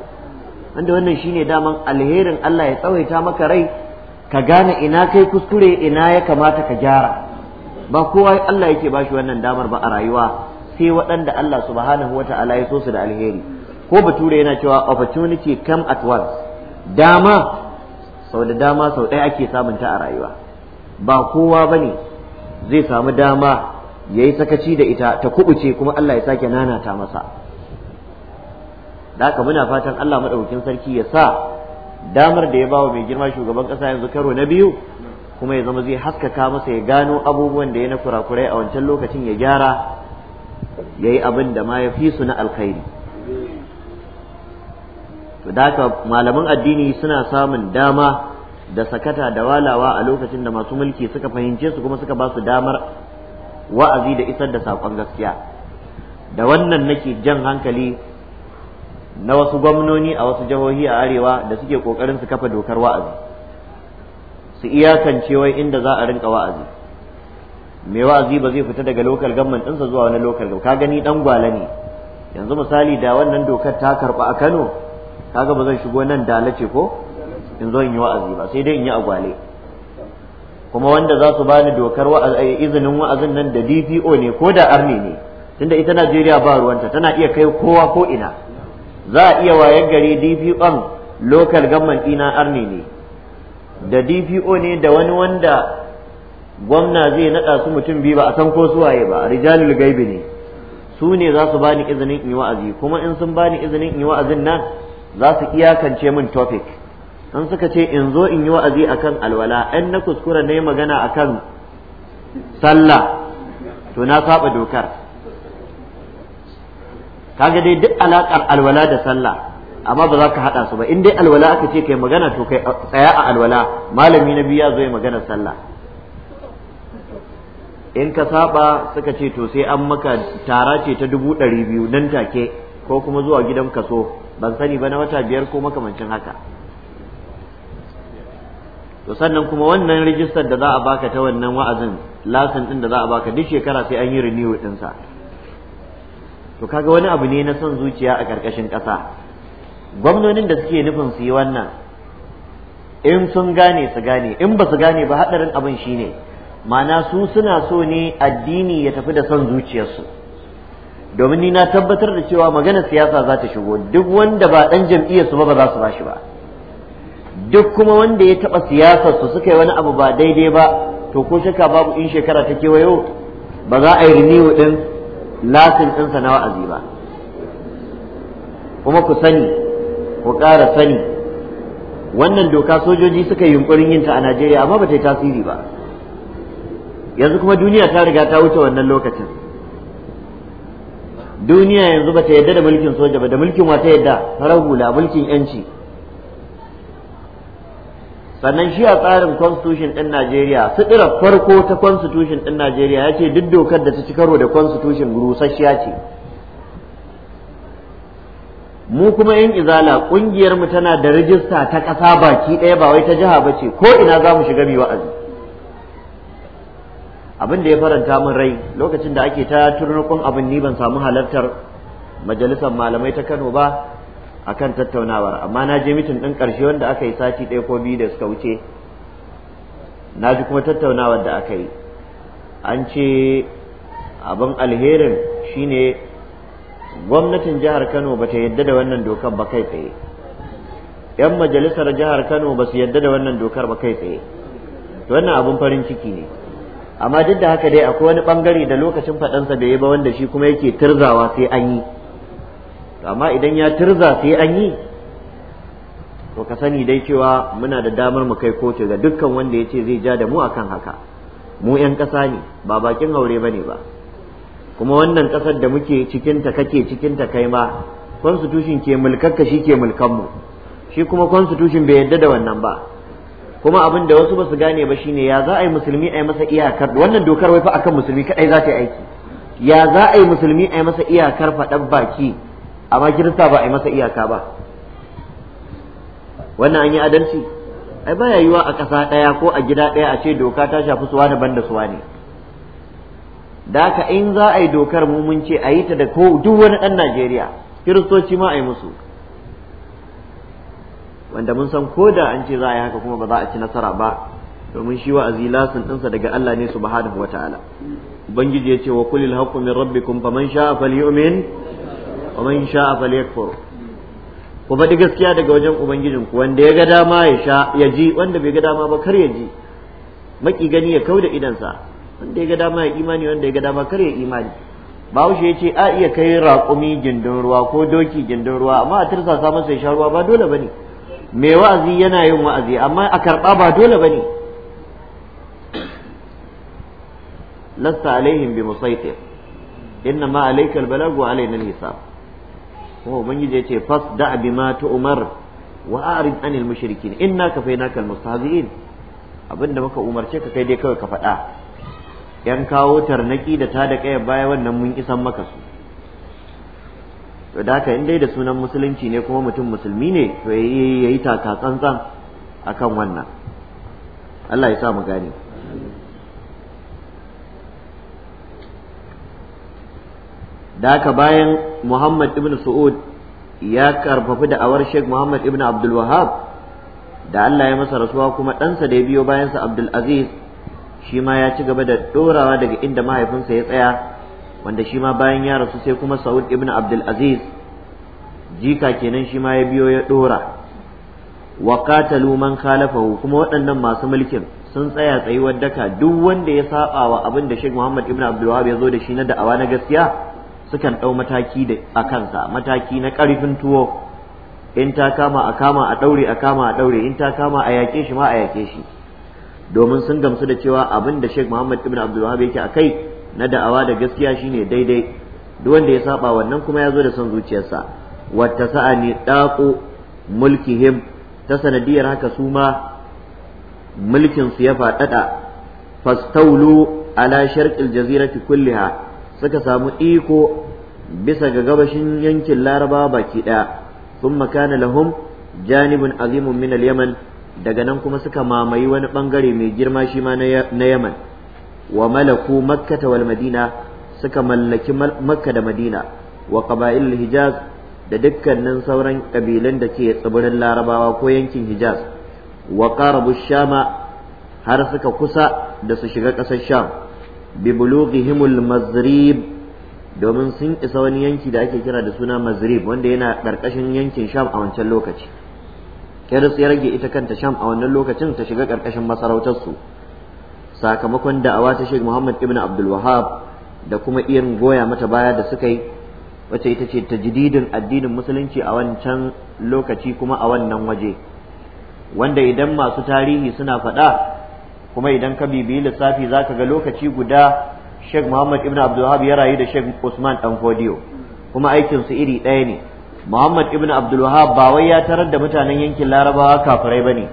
wanda wannan shine daman alherin Allah ya tsawaita maka rai ka gane ina kai kuskure ina ya kamata ka gyara ba kowa Allah yake bashi wannan damar ba a rayuwa sai waɗanda Allah subhanahu wa ta'ala ya so su da alheri ko bature yana cewa opportunity come at once dama sau da dama sau ɗaya ake samun ta a rayuwa ba kowa ba ne zai samu dama ya yi sakaci da ita ta kubuce kuma Allah ya sake nanata masa da haka muna fatan Allah maɗaukin sarki ya sa damar da ya ba wa mai girma shugaban kasa yanzu karo na biyu kuma ya zama zai haskaka masa ya gano abubuwan da ya na kurakurai a wancan lokacin ya gyara ya yi abin da ma ya fi su na alkhairi to haka malaman addini suna samun dama da sakata da walawa a lokacin da masu mulki suka fahimce su kuma suka ba su damar wa'azi da isar da saƙon gaskiya da wannan nake jan hankali na wasu gwamnoni a wasu jihohi a arewa da suke kokarin su kafa dokar wa'azi su iyakance wai inda za a rinka wa'azi mai wa'azi ba zai fita daga lokal gamman ɗinsa zuwa wani lokal ka gani dan gwala ne yanzu misali da wannan dokar ta karba a Kano kaga ba zan shigo nan dalace ko in zo in yi wa'azi ba sai dai in yi agwale kuma wanda za su bani dokar eh, izinin wa'azin nan da DPO ne ko da arne ne tunda ita Najeriya ba ruwanta tana iya kai kowa ko ina za a iya wayar gari dpon local government ɗina arni ne da dpo ne da wani wanda gwamna zai naɗa su mutum biyu ba a san ko suwaye ba rijalul gaibi ne su ne za su bani izinin in yi wa'azi kuma in sun bani izinin in yi wa'azin nan za su iyakance min topic an suka ce in zo in yi wa'azi akan alwala in na kuskura na yi magana akan sallah to na saba dokar kaga dai duk alakar alwala da sallah amma ba za ka haɗa su ba in dai alwala aka ce kai magana to kai uh, tsaya a alwala malami na biyu ya zo ya magana sallah in ka saba suka ce to sai an maka tara ce ta dubu ɗari biyu nan take ko kuma zuwa gidan kaso ban sani ba na wata biyar ko makamancin haka to sannan kuma wannan rijistar da za a baka ta wannan wa'azin lasin din da za a baka duk shekara sai an yi renewal ɗinsa. sa to kaga wani abu ne na son zuciya a ƙarƙashin ƙasa gwamnonin da suke nufin su yi wannan in sun gane su gane in ba su gane ba haɗarin abin shi ne ma'ana su suna so ne addini ya tafi da son zuciyarsu domin ni na tabbatar da cewa magana siyasa za ta shigo duk wanda ba ɗan jam'iyyarsu ba ba za su ba shi ba duk kuma wanda ya taɓa siyasar su suka yi wani abu ba daidai ba to ko shaka babu in shekara ta kewayo ba za a yi riniwu ɗin lasin ɗinsa na wa'azi ba kuma ku sani ku ƙara sani wannan doka sojoji suka yi yunkurin yin ta a Najeriya amma ba ta yi tasiri ba yanzu kuma duniya ta riga ta wuce wannan lokacin duniya yanzu ba ta yadda da mulkin soja ba da mulkin wata yadda farar hula mulkin yanci sannan shi a tsarin constitution ɗin Najeriya sutura farko ta constitution ɗin Najeriya ya ce duk dokar da ta ci karo da constitution rusasshiya ce mu kuma yan izala ƙungiyar mu tana da rijista ta ƙasa baki ɗaya ba wai ta jiha ba ce ko ina za mu shiga mai wa'azi abin da ya faranta min rai lokacin da ake ta turnukun abin ni ban samu halartar majalisar malamai ta Kano ba akan tattaunawar amma na je mitin ɗin ƙarshe wanda aka yi sati ɗaya ko biyu da suka wuce na ji kuma tattaunawar da aka yi an ce abin alherin shine gwamnatin jihar kano ba ta yadda da wannan dokar ba kai tsaye 'yan majalisar jihar kano ba su yadda da wannan dokar ba kai tsaye wannan abin farin ciki ne amma duk da haka dai akwai wani bangare da lokacin faɗansa bai yi ba wanda shi kuma yake turzawa sai an yi amma idan ya tirza sai an yi to ka sani dai cewa muna da damar mu kai kotu ga dukkan wanda ya ce zai ja da mu akan haka mu 'yan ƙasa ne ba bakin aure ba ne ba kuma wannan ƙasar da muke cikinta kake cikinta kai ma constitution ke ka shi ke mulkanmu shi kuma constitution bai yadda da wannan ba kuma abin da wasu ba su gane ba shine ya za a yi musulmi a yi masa iyakar wannan dokar wai fa akan musulmi kadai za ta yi aiki ya za a yi musulmi a yi masa iyakar faɗan baki amma kirista ba a yi masa iyaka ba wannan an yi adalci ai baya yiwa a ƙasa ɗaya ko a gida ɗaya a ce doka ta shafi suwa da banda suwa ne da haka in za a yi dokar mu mun ce a yi ta da ko duk wani ɗan Najeriya kiristoci ma a yi musu wanda mun san ko da an ce za a yi haka kuma ba za a ci nasara ba domin shi azila sun ɗinsa daga Allah ne subhanahu wa ta'ala ubangiji ya ce wa kulil haqqu min rabbikum faman sha'a falyu'min wa man sha'a falyakfur ku faɗi gaskiya daga wajen ubangijin ku wanda ya ga dama ya sha ya ji wanda bai ga dama ba kar ya ji maki gani ya kauda idansa wanda ya ga dama ya imani wanda ya ga dama kar ya imani bahaushe ya ce a iya kai raƙumi gindin ruwa ko doki gindin ruwa amma a tirsasa masa ya sha ruwa ba dole bane mai wa'azi yana yin wa'azi amma a karɓa ba dole bane lasta alaihim bi musaitir inna ma alaikal balagu alaina hisab kuma ubangiji ya ce fas da tu umar wa a'rid anil mushrikin inna kal mustahzi'in abinda muka umarce ka kai dai kawai ka faɗa yan kawo tarnaki da ta da kaya baya wannan mun isan maka su to da haka in dai da sunan musulunci ne kuma mutum musulmi ne to yayi taka tsantsan akan wannan Allah ya sa mu gane da haka bayan Muhammad ibn Su'ud ya karfafi da'awar Sheikh Muhammad ibn Abdul Wahab da Allah ya masa rasuwa kuma ɗansa da ya biyo bayansa Abdul Aziz shi ma ya ci gaba da ɗorawa daga inda mahaifinsa ya tsaya wanda shi ma bayan ya rasu sai kuma Saud ibn Abdul Aziz jika kenan shi ma ya biyo ya ɗora wa qatalu man khalafahu kuma waɗannan masu mulkin sun tsaya tsayuwar daka duk wanda ya saba wa abin da Sheikh Muhammad ibn Abdul Wahab ya zo da shi na da'awa na gaskiya sukan ɗau mataki da a kansa mataki na ƙarfin tuwo in ta kama a kama a ɗaure a kama a ɗaure in ta kama a yaƙe shi ma a yaƙe shi domin sun gamsu da cewa abin da Sheikh Muhammad ibn Abdul Wahhab yake a kai na da'awa da gaskiya shine daidai duk wanda ya saba wannan kuma ya zo da son zuciyarsa wata sa'ani daqu mulkihim ta sanadiyar haka su ma mulkin su ya faɗaɗa fastaulu ala sharqil jazirati kulliha suka samu iko bisa ga gabashin yankin laraba baki ɗaya sun makana lahum janibin azimun min yaman daga nan kuma suka mamayi wani bangare mai girma shi ma na yaman wa malaku makkata wal madina suka mallaki makka da madina wa qaba'il hijaz da dukkanin sauran kabilan da ke tsibirin larabawa ko yankin hijaz wa qarabu shama har suka kusa da su shiga ƙasar sham bi bulughihimul mazrib domin sun isa wani yanki da ake kira da suna mazrib wanda yana karkashin yankin sham a wancan lokaci kiris ya rage ita kanta sham a wannan lokacin ta shiga karkashin masarautarsu sakamakon da'awa ta Sheikh Muhammad ibn Abdul Wahhab da kuma irin goya mata baya da suka yi wace ita ce tajdidin addinin musulunci a wancan lokaci kuma a wannan waje wanda idan masu tarihi suna faɗa kuma idan ka bibiyi lissafi za ka ga lokaci guda Sheikh Muhammad Ibn Abdulwahab ya rayu da Sheikh Usman Dan Fodiyo kuma aikinsu iri ɗaya ne Muhammad Ibn Abdulwahab ba wai ya tarar da mutanen yankin Larabawa kafirai bane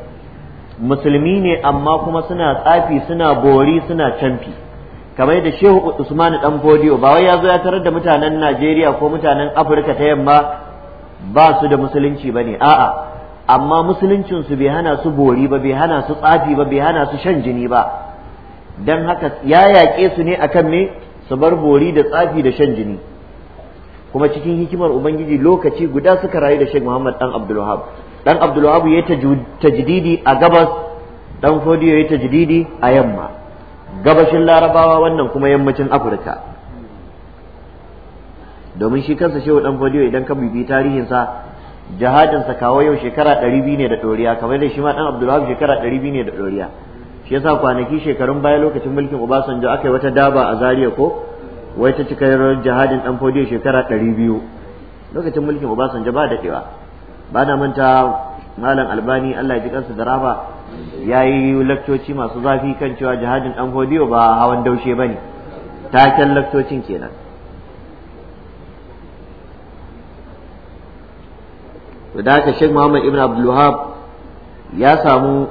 musulmi ne amma kuma suna tsafi suna bori suna canfi kamar da Shehu Usman Dan Fodiyo ba wai ya zo ya tarar da mutanen Najeriya ko mutanen Afirka ta yamma ba su da musulunci bane a'a amma musuluncinsu bai hana su bori ba bai hana su tsafi ba bai hana su shan jini ba don haka ya yaƙe su ne akan me su bar bori da tsafi da shan jini kuma cikin hikimar ubangiji lokaci guda suka rayu da Sheikh Muhammad dan Abdulwahab dan Abdulwahab ya tajdidi a gabas dan Fodiyo ya tajdidi a yamma gabashin Larabawa wannan kuma yammacin Afirka domin shi kansa Shehu dan Fodiyo idan ka bibi tarihinsa sa kawo yau shekara ɗari ne da ɗoriya kamar da shi ma dan abdulwahab shekara ɗari ne da ɗoriya shi yasa kwanaki shekarun baya lokacin mulkin obasanjo aka yi wata daba a zaria ko wai ta cika jihadin dan fodiyo shekara ɗari biyu lokacin mulkin obasanjo ba da cewa ba na manta malam albani allah ya ji kansa da raba ya yi lakcoci masu zafi kan cewa jihadin dan fodiyo ba hawan daushe ba ne taken lakcocin kenan to da haka Sheikh Muhammad Ibn Abdul ya samu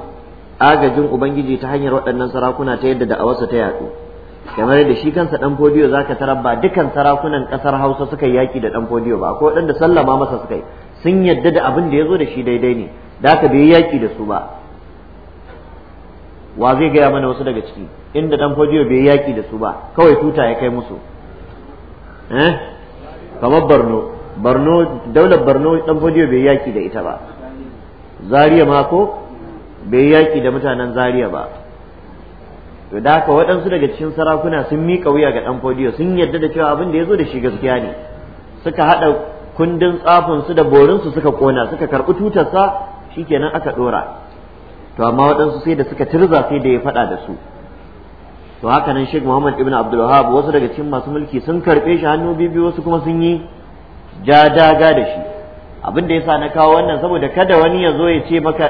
agajin ubangiji ta hanyar waɗannan sarakuna ta yadda da'awarsa ta yaɗu kamar yadda shi kansa dan fodiyo zaka tarar ba dukan sarakunan kasar Hausa suka yi yaki da dan fodiyo ba akwai waɗanda sallama masa suka yi sun yadda da abin da ya zo da shi daidai ne da haka bai yaki da su ba wa zai gaya mana wasu daga ciki inda dan fodiyo bai yi yaki da su ba kawai tuta ya kai musu eh kamar Borno barno daular barno dan fodiyo bai yaki da ita ba zariya ma ko bai yaki da mutanen zariya ba to da haka waɗansu daga cikin sarakuna sun miƙa wuya ga dan fodiyo sun yarda da cewa abin da ya zo da shi gaskiya ne suka haɗa kundin tsafin su da borinsu suka kona suka karɓi tutarsa shikenan aka ɗora to amma waɗansu sai da suka tirza sai da ya faɗa da su to haka nan Sheikh Muhammad Ibn Abdul Wahhab wasu daga cikin masu mulki sun karɓe shi hannu biyu wasu kuma sun yi ja daga da shi abin da yasa na kawo wannan saboda kada wani ya zo ya ce maka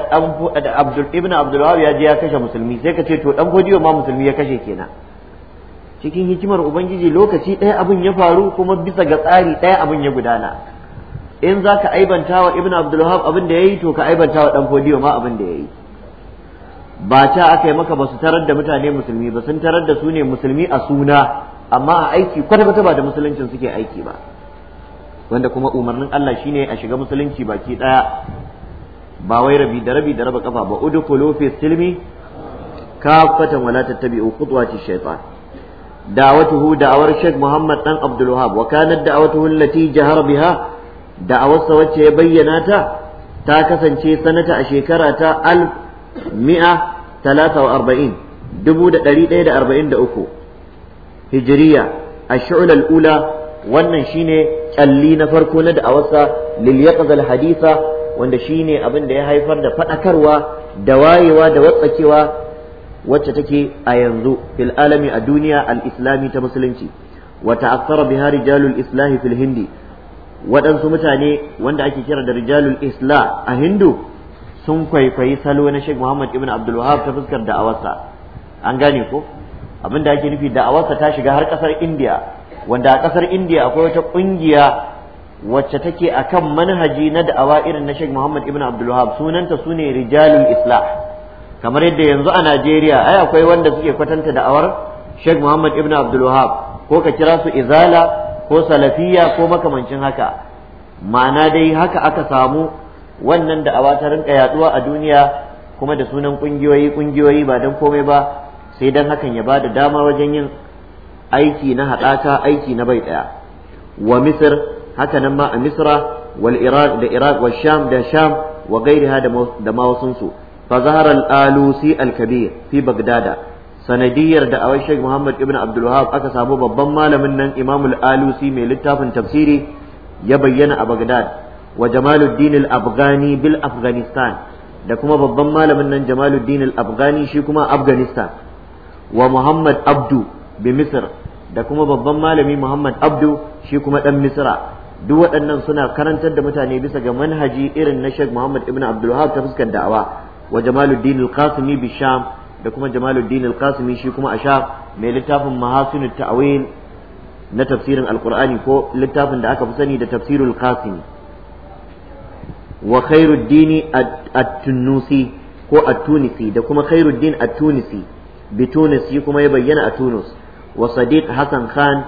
dan Abdul Ibn Abdul Wahab ya je ya kashe musulmi sai ka ce to dan godiyo ma musulmi ya kashe kenan cikin hikimar ubangiji lokaci ɗaya abin ya faru kuma bisa ga tsari ɗaya abin ya gudana in za ka aibanta wa Ibn Abdul Wahab abin da ya yi to ka aibanta wa dan Fodiyo ma abin da ya yi ba ta aka yi maka ba su tarar da mutane musulmi ba sun tarar da su ne musulmi a suna amma a aiki kwata-kwata ba da musuluncin suke aiki ba wanda kuma umarnin Allah shine a shiga musulunci baki daya ba wai rabi da rabi da raba kafa ba udkhulu fi silmi kafatan wala tattabi'u khutwati shaytan da'watuhu da'awar Sheikh Muhammad dan Abdul Wahab wa kanat da'watuhu allati jahara biha da'awarsa wacce ya bayyana ta ta kasance sanata a shekara ta al mi'a talata wa arba'in dubu da da arba'in da uku hijiriya a shi'ul wannan shine kalli na farko na da'awarsa lil yaqzal hadisa wanda shine abin da ya haifar da fadakarwa da wayewa da watsakewa wacce take a yanzu fil alami a duniya al-islami ta musulunci wa ta'assara biha rijalul islahi fil hindi waɗansu mutane wanda ake kira da rijalul isla a hindu sun kwaikwayi salo na Sheikh Muhammad ibn Abdul Wahab ta fuskar da'awarsa an gane ko abin da ake nufi da'awarsa ta shiga har kasar India wanda a kasar indiya akwai wata kungiya wacce take a kan manhaji na da'awa irin na Sheikh Muhammad Ibn Abdul Wahab sunanta ne rijalul islah kamar yadda yanzu a Najeriya ai akwai wanda suke kwatanta da'awar Sheikh Muhammad Ibn Abdulwahab ko ka kira su izala ko salafiya ko makamancin haka ma'ana dai haka aka samu wannan da'awa ta rinka yaduwa a duniya kuma da sunan kungiyoyi kungiyoyi ba dan komai ba sai dan hakan ya ba da dama wajen yin aiki na haɗaka aiki na bai ɗaya wa misir haka nan ma a misra wal iraq da iraq wa sham da sham wa gairiha da ma fa zahara al-alusi al-kabir fi bagdada sanadiyar da awai Sheikh Muhammad ibn Abdul Wahab aka samu babban malamin nan Imam al-Alusi mai littafin tafsiri ya bayyana a bagdad wa Jamaluddin al-Afghani bil Afghanistan da kuma babban malamin nan Jamaluddin al-Afghani shi kuma Afghanistan wa Muhammad Abdu bi da kuma babban malami muhammad abdu shi kuma dan misra duk waɗannan suna karantar da mutane bisa ga manhaji irin na Sheikh Muhammad Ibn Abdul Wahab ta fuskar da'awa wa Jamaluddin Al-Qasimi bi Sham da kuma Jamaluddin Al-Qasimi shi kuma a Sham mai littafin Mahasinut Ta'wil na tafsirin Al-Qur'ani ko littafin da aka fi sani da Tafsirul Qasimi wa Khairuddin At-Tunusi ko At-Tunisi da kuma Khairuddin At-Tunisi bi Tunis shi kuma ya bayyana a Tunis وصديق حسن خان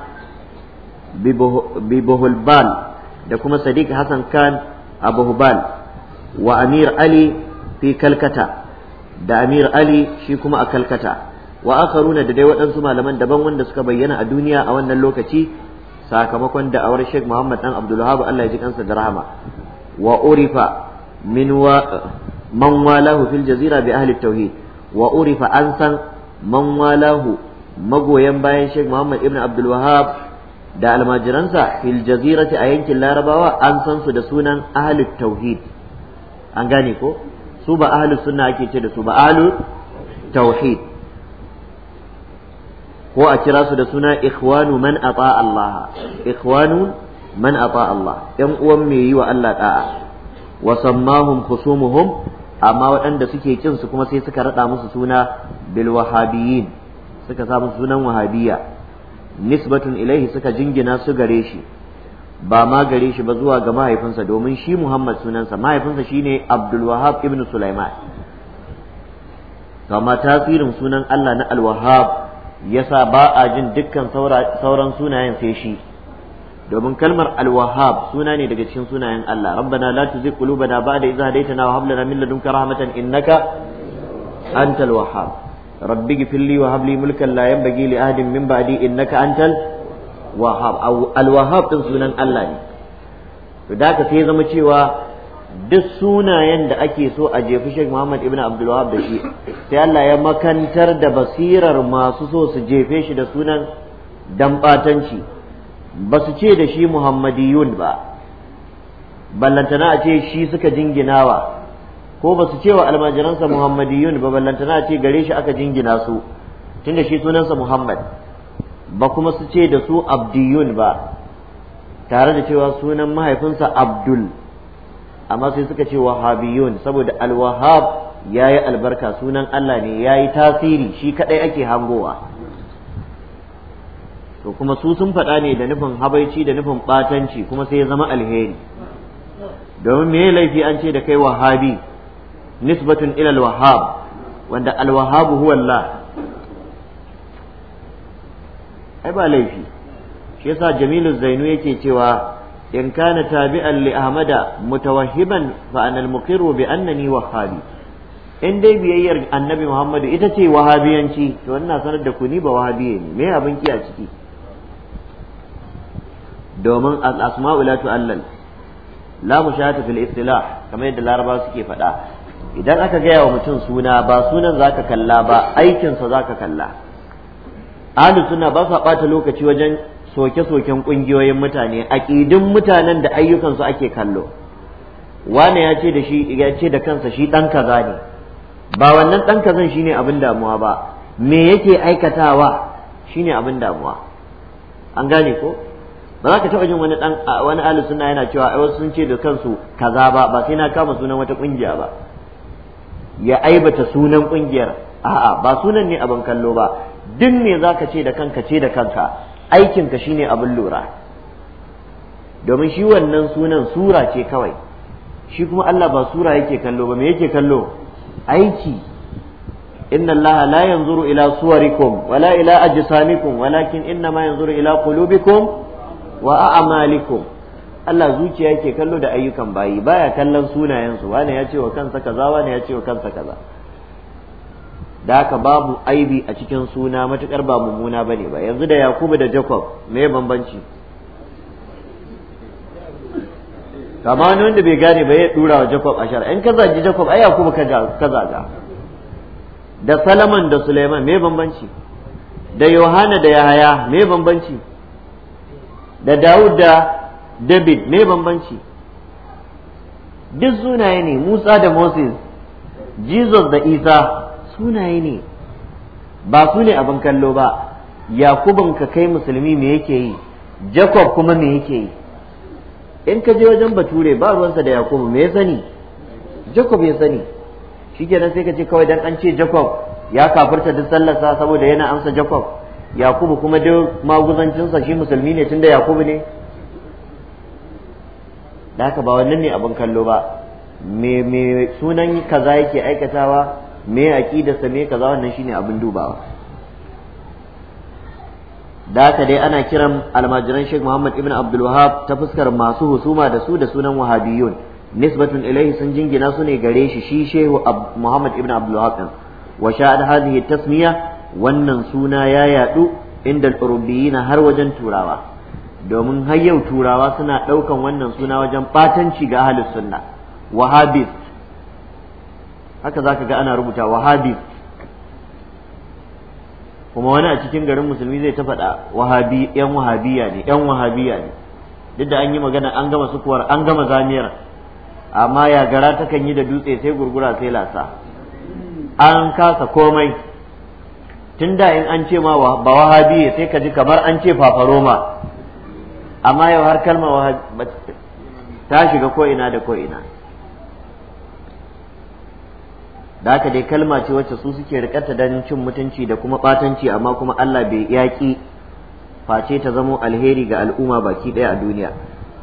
ببهلبال da kuma Sadiq Hassan Khan a Bohbal wa Amir Ali fi Kalkata da Amir Ali shi kuma a Kalkata wa akaruna da dai waɗansu malaman daban wanda suka bayyana a duniya a wannan lokaci sakamakon da'awar Sheikh Muhammad dan Abdulwahab Allah ya ji kansa da rahama wa urifa min wa man walahu fil jazira bi ahli tauhid wa urifa an san man magoyan bayan Sheikh Muhammad ibn abdulwahab da almajiransa fil jazirati a yankin Larabawa an san su da sunan ahlut tauhid an gane ko su ba ahlus sunna ake ce da su ba ahlut tauhid ko a kira su da suna ikhwanu man ata Allah ikhwanu man ata Allah yan uwan me yi wa Allah da'a wa sammahum khusumuhum amma waɗanda suke kin su kuma sai suka rada musu suna bil wahabiyin suka samu sunan wahabiyya nisbatun ilaihi suka jingina su gare shi ba ma gare shi ba zuwa ga mahaifinsa domin shi Muhammad sunansa mahaifinsa shine Abdul Wahab ibn Sulaiman kama tasirin sunan Allah na Al-Wahhab yasa ba a jin dukkan sauran sunayen sai shi domin kalmar al suna ne daga cikin sunayen Allah rabbana la tuzigh qulubana ba'da idh hadaytana wa hab lana min ladunka rahmatan innaka antal wahhab rabbi gifilli wa mulkan la yanbaghi li ahadin min ba'di innaka antal wahhab sunan Allah ne to da zama cewa duk sunayen da ake so a jefi Sheikh Muhammad ibn Abdulwahab da shi sai Allah ya makantar da basirar masu so su jefe shi da sunan dan batanci ba su ce da shi Muhammadiyun ba ballantana a ce shi suka jinginawa ko ba su cewa almajiransa muhammadiyun ba ballantana ce gare shi aka jingina su tun da shi sunansa muhammad ba kuma su ce da su abdiyun ba tare da cewa sunan mahaifinsa abdul amma sai suka ce wahabiyun saboda alwahab ya yi albarka sunan allah ne ya yi tasiri shi kadai ake hangowa to kuma su sun faɗa ne da nufin habaici da nufin ɓatanci kuma sai ya zama alheri domin me laifi an ce da kai wahabi nisbatun ilal al-wahhab wanda al-wahhab ai ba laifi shi yasa jamilu zainu yake cewa in kana tabi'an li ahmada mutawahhiban fa ana al-muqirru bi annani wahhabi in dai biyayyar annabi muhammadu ita ce wahabiyanci to wannan sanar da ku ni ba wahabiye ne me abin a ciki domin al-asma'u la tu'allal la mushahata fil kamar da laraba suke faɗa idan aka gaya wa mutum suna ba sunan za ka kalla ba aikinsa za ka kalla ahalin suna ba sa ɓata lokaci wajen soke-soken ƙungiyoyin mutane aƙidin mutanen da ayyukansu ake kallo wane ya ce da shi ya ce da kansa shi ɗan kaza ne ba wannan ɗan kazan shine abin damuwa ba me yake aikatawa Shi ne abin damuwa an gane ko ba za ka taɓa jin wani ɗan wani yana cewa wasu sun ce da kansu kaza ba ba sai na kama sunan wata ƙungiya ba ya aibata sunan kungiyar a'a ba sunan ne abin kallo ba duk me zaka ce da kanka ce da kanka aikin ka shine abin lura domin shi wannan sunan sura ce kawai shi kuma Allah ba sura yake kallo ba me yake kallo aiki inna Allah la yanzuru ila suwarikum wala ila ajsamikum walakin inna ma yanzuru ila qulubikum wa a'malikum Allah zuciya yake kallo da ayyukan bayi baya kallon sunayensu wani ya ce wa kansa kaza wani ya ce wa kansa kaza da haka babu aibi a cikin suna matukar ba mummuna bane ba yanzu da Yakubu da Jacob me bambanci kama wani wanda bai gane ba ya dura wa Jacob a shara in ka zaji Jacob ai Yakubu ka zaga da Salaman da Suleiman me bambanci da Yohana da Yahaya me bambanci da Dawud da david me bambanci duk sunaye ne musa da moses jesus da isa sunaye ne ba su ne abin kallo ba yakubun ka kai musulmi me yake yi jacob kuma me yake yi in ka je wajen bature ba ruwansa da yakubu me ya sani jacob ya sani shikenan sai ka ce kawai dan an ce jacob ya kafirta duk sallarsa saboda yana amsa jacob yakubu kuma duk maguzancinsa shi musulmi ne tunda yakubu ne da haka ba wannan ne abin kallo ba me sunan kaza yake aikatawa me aqidarsa me kaza wannan shine abin dubawa da haka dai ana kiran almajiran Sheikh Muhammad ibn Abdul Wahhab ta fuskar masu husuma da su da sunan wahabiyun nisbatun ilaihi sun jingina su ne gare shi shi Shehu Muhammad ibn Abdul Wahhab din wa sha'ad hadhihi tasmiya wannan suna ya yadu inda al har wajen turawa domin har yau turawa suna ɗaukan wannan suna wajen batanci ga ahalus sunna wahabist haka za ga ana rubuta wahabist kuma wani a cikin garin musulmi zai ta faɗa wahabi yan wahabiya ne yan wahabiya ne duk da an yi magana an gama sukuwar an gama zamiyar amma ya gara takan yi da dutse sai gurgura sai lasa an kasa komai tun da in an ce ma ba wahabiya sai ka ji kamar an ce fafaroma amma yau har kalma ta shiga ko'ina da ko'ina da haka dai kalma ce wacce su suke rikata don cin mutunci da kuma batanci amma kuma Allah bai yaƙi face ta zamo alheri ga al'umma baki ɗaya a duniya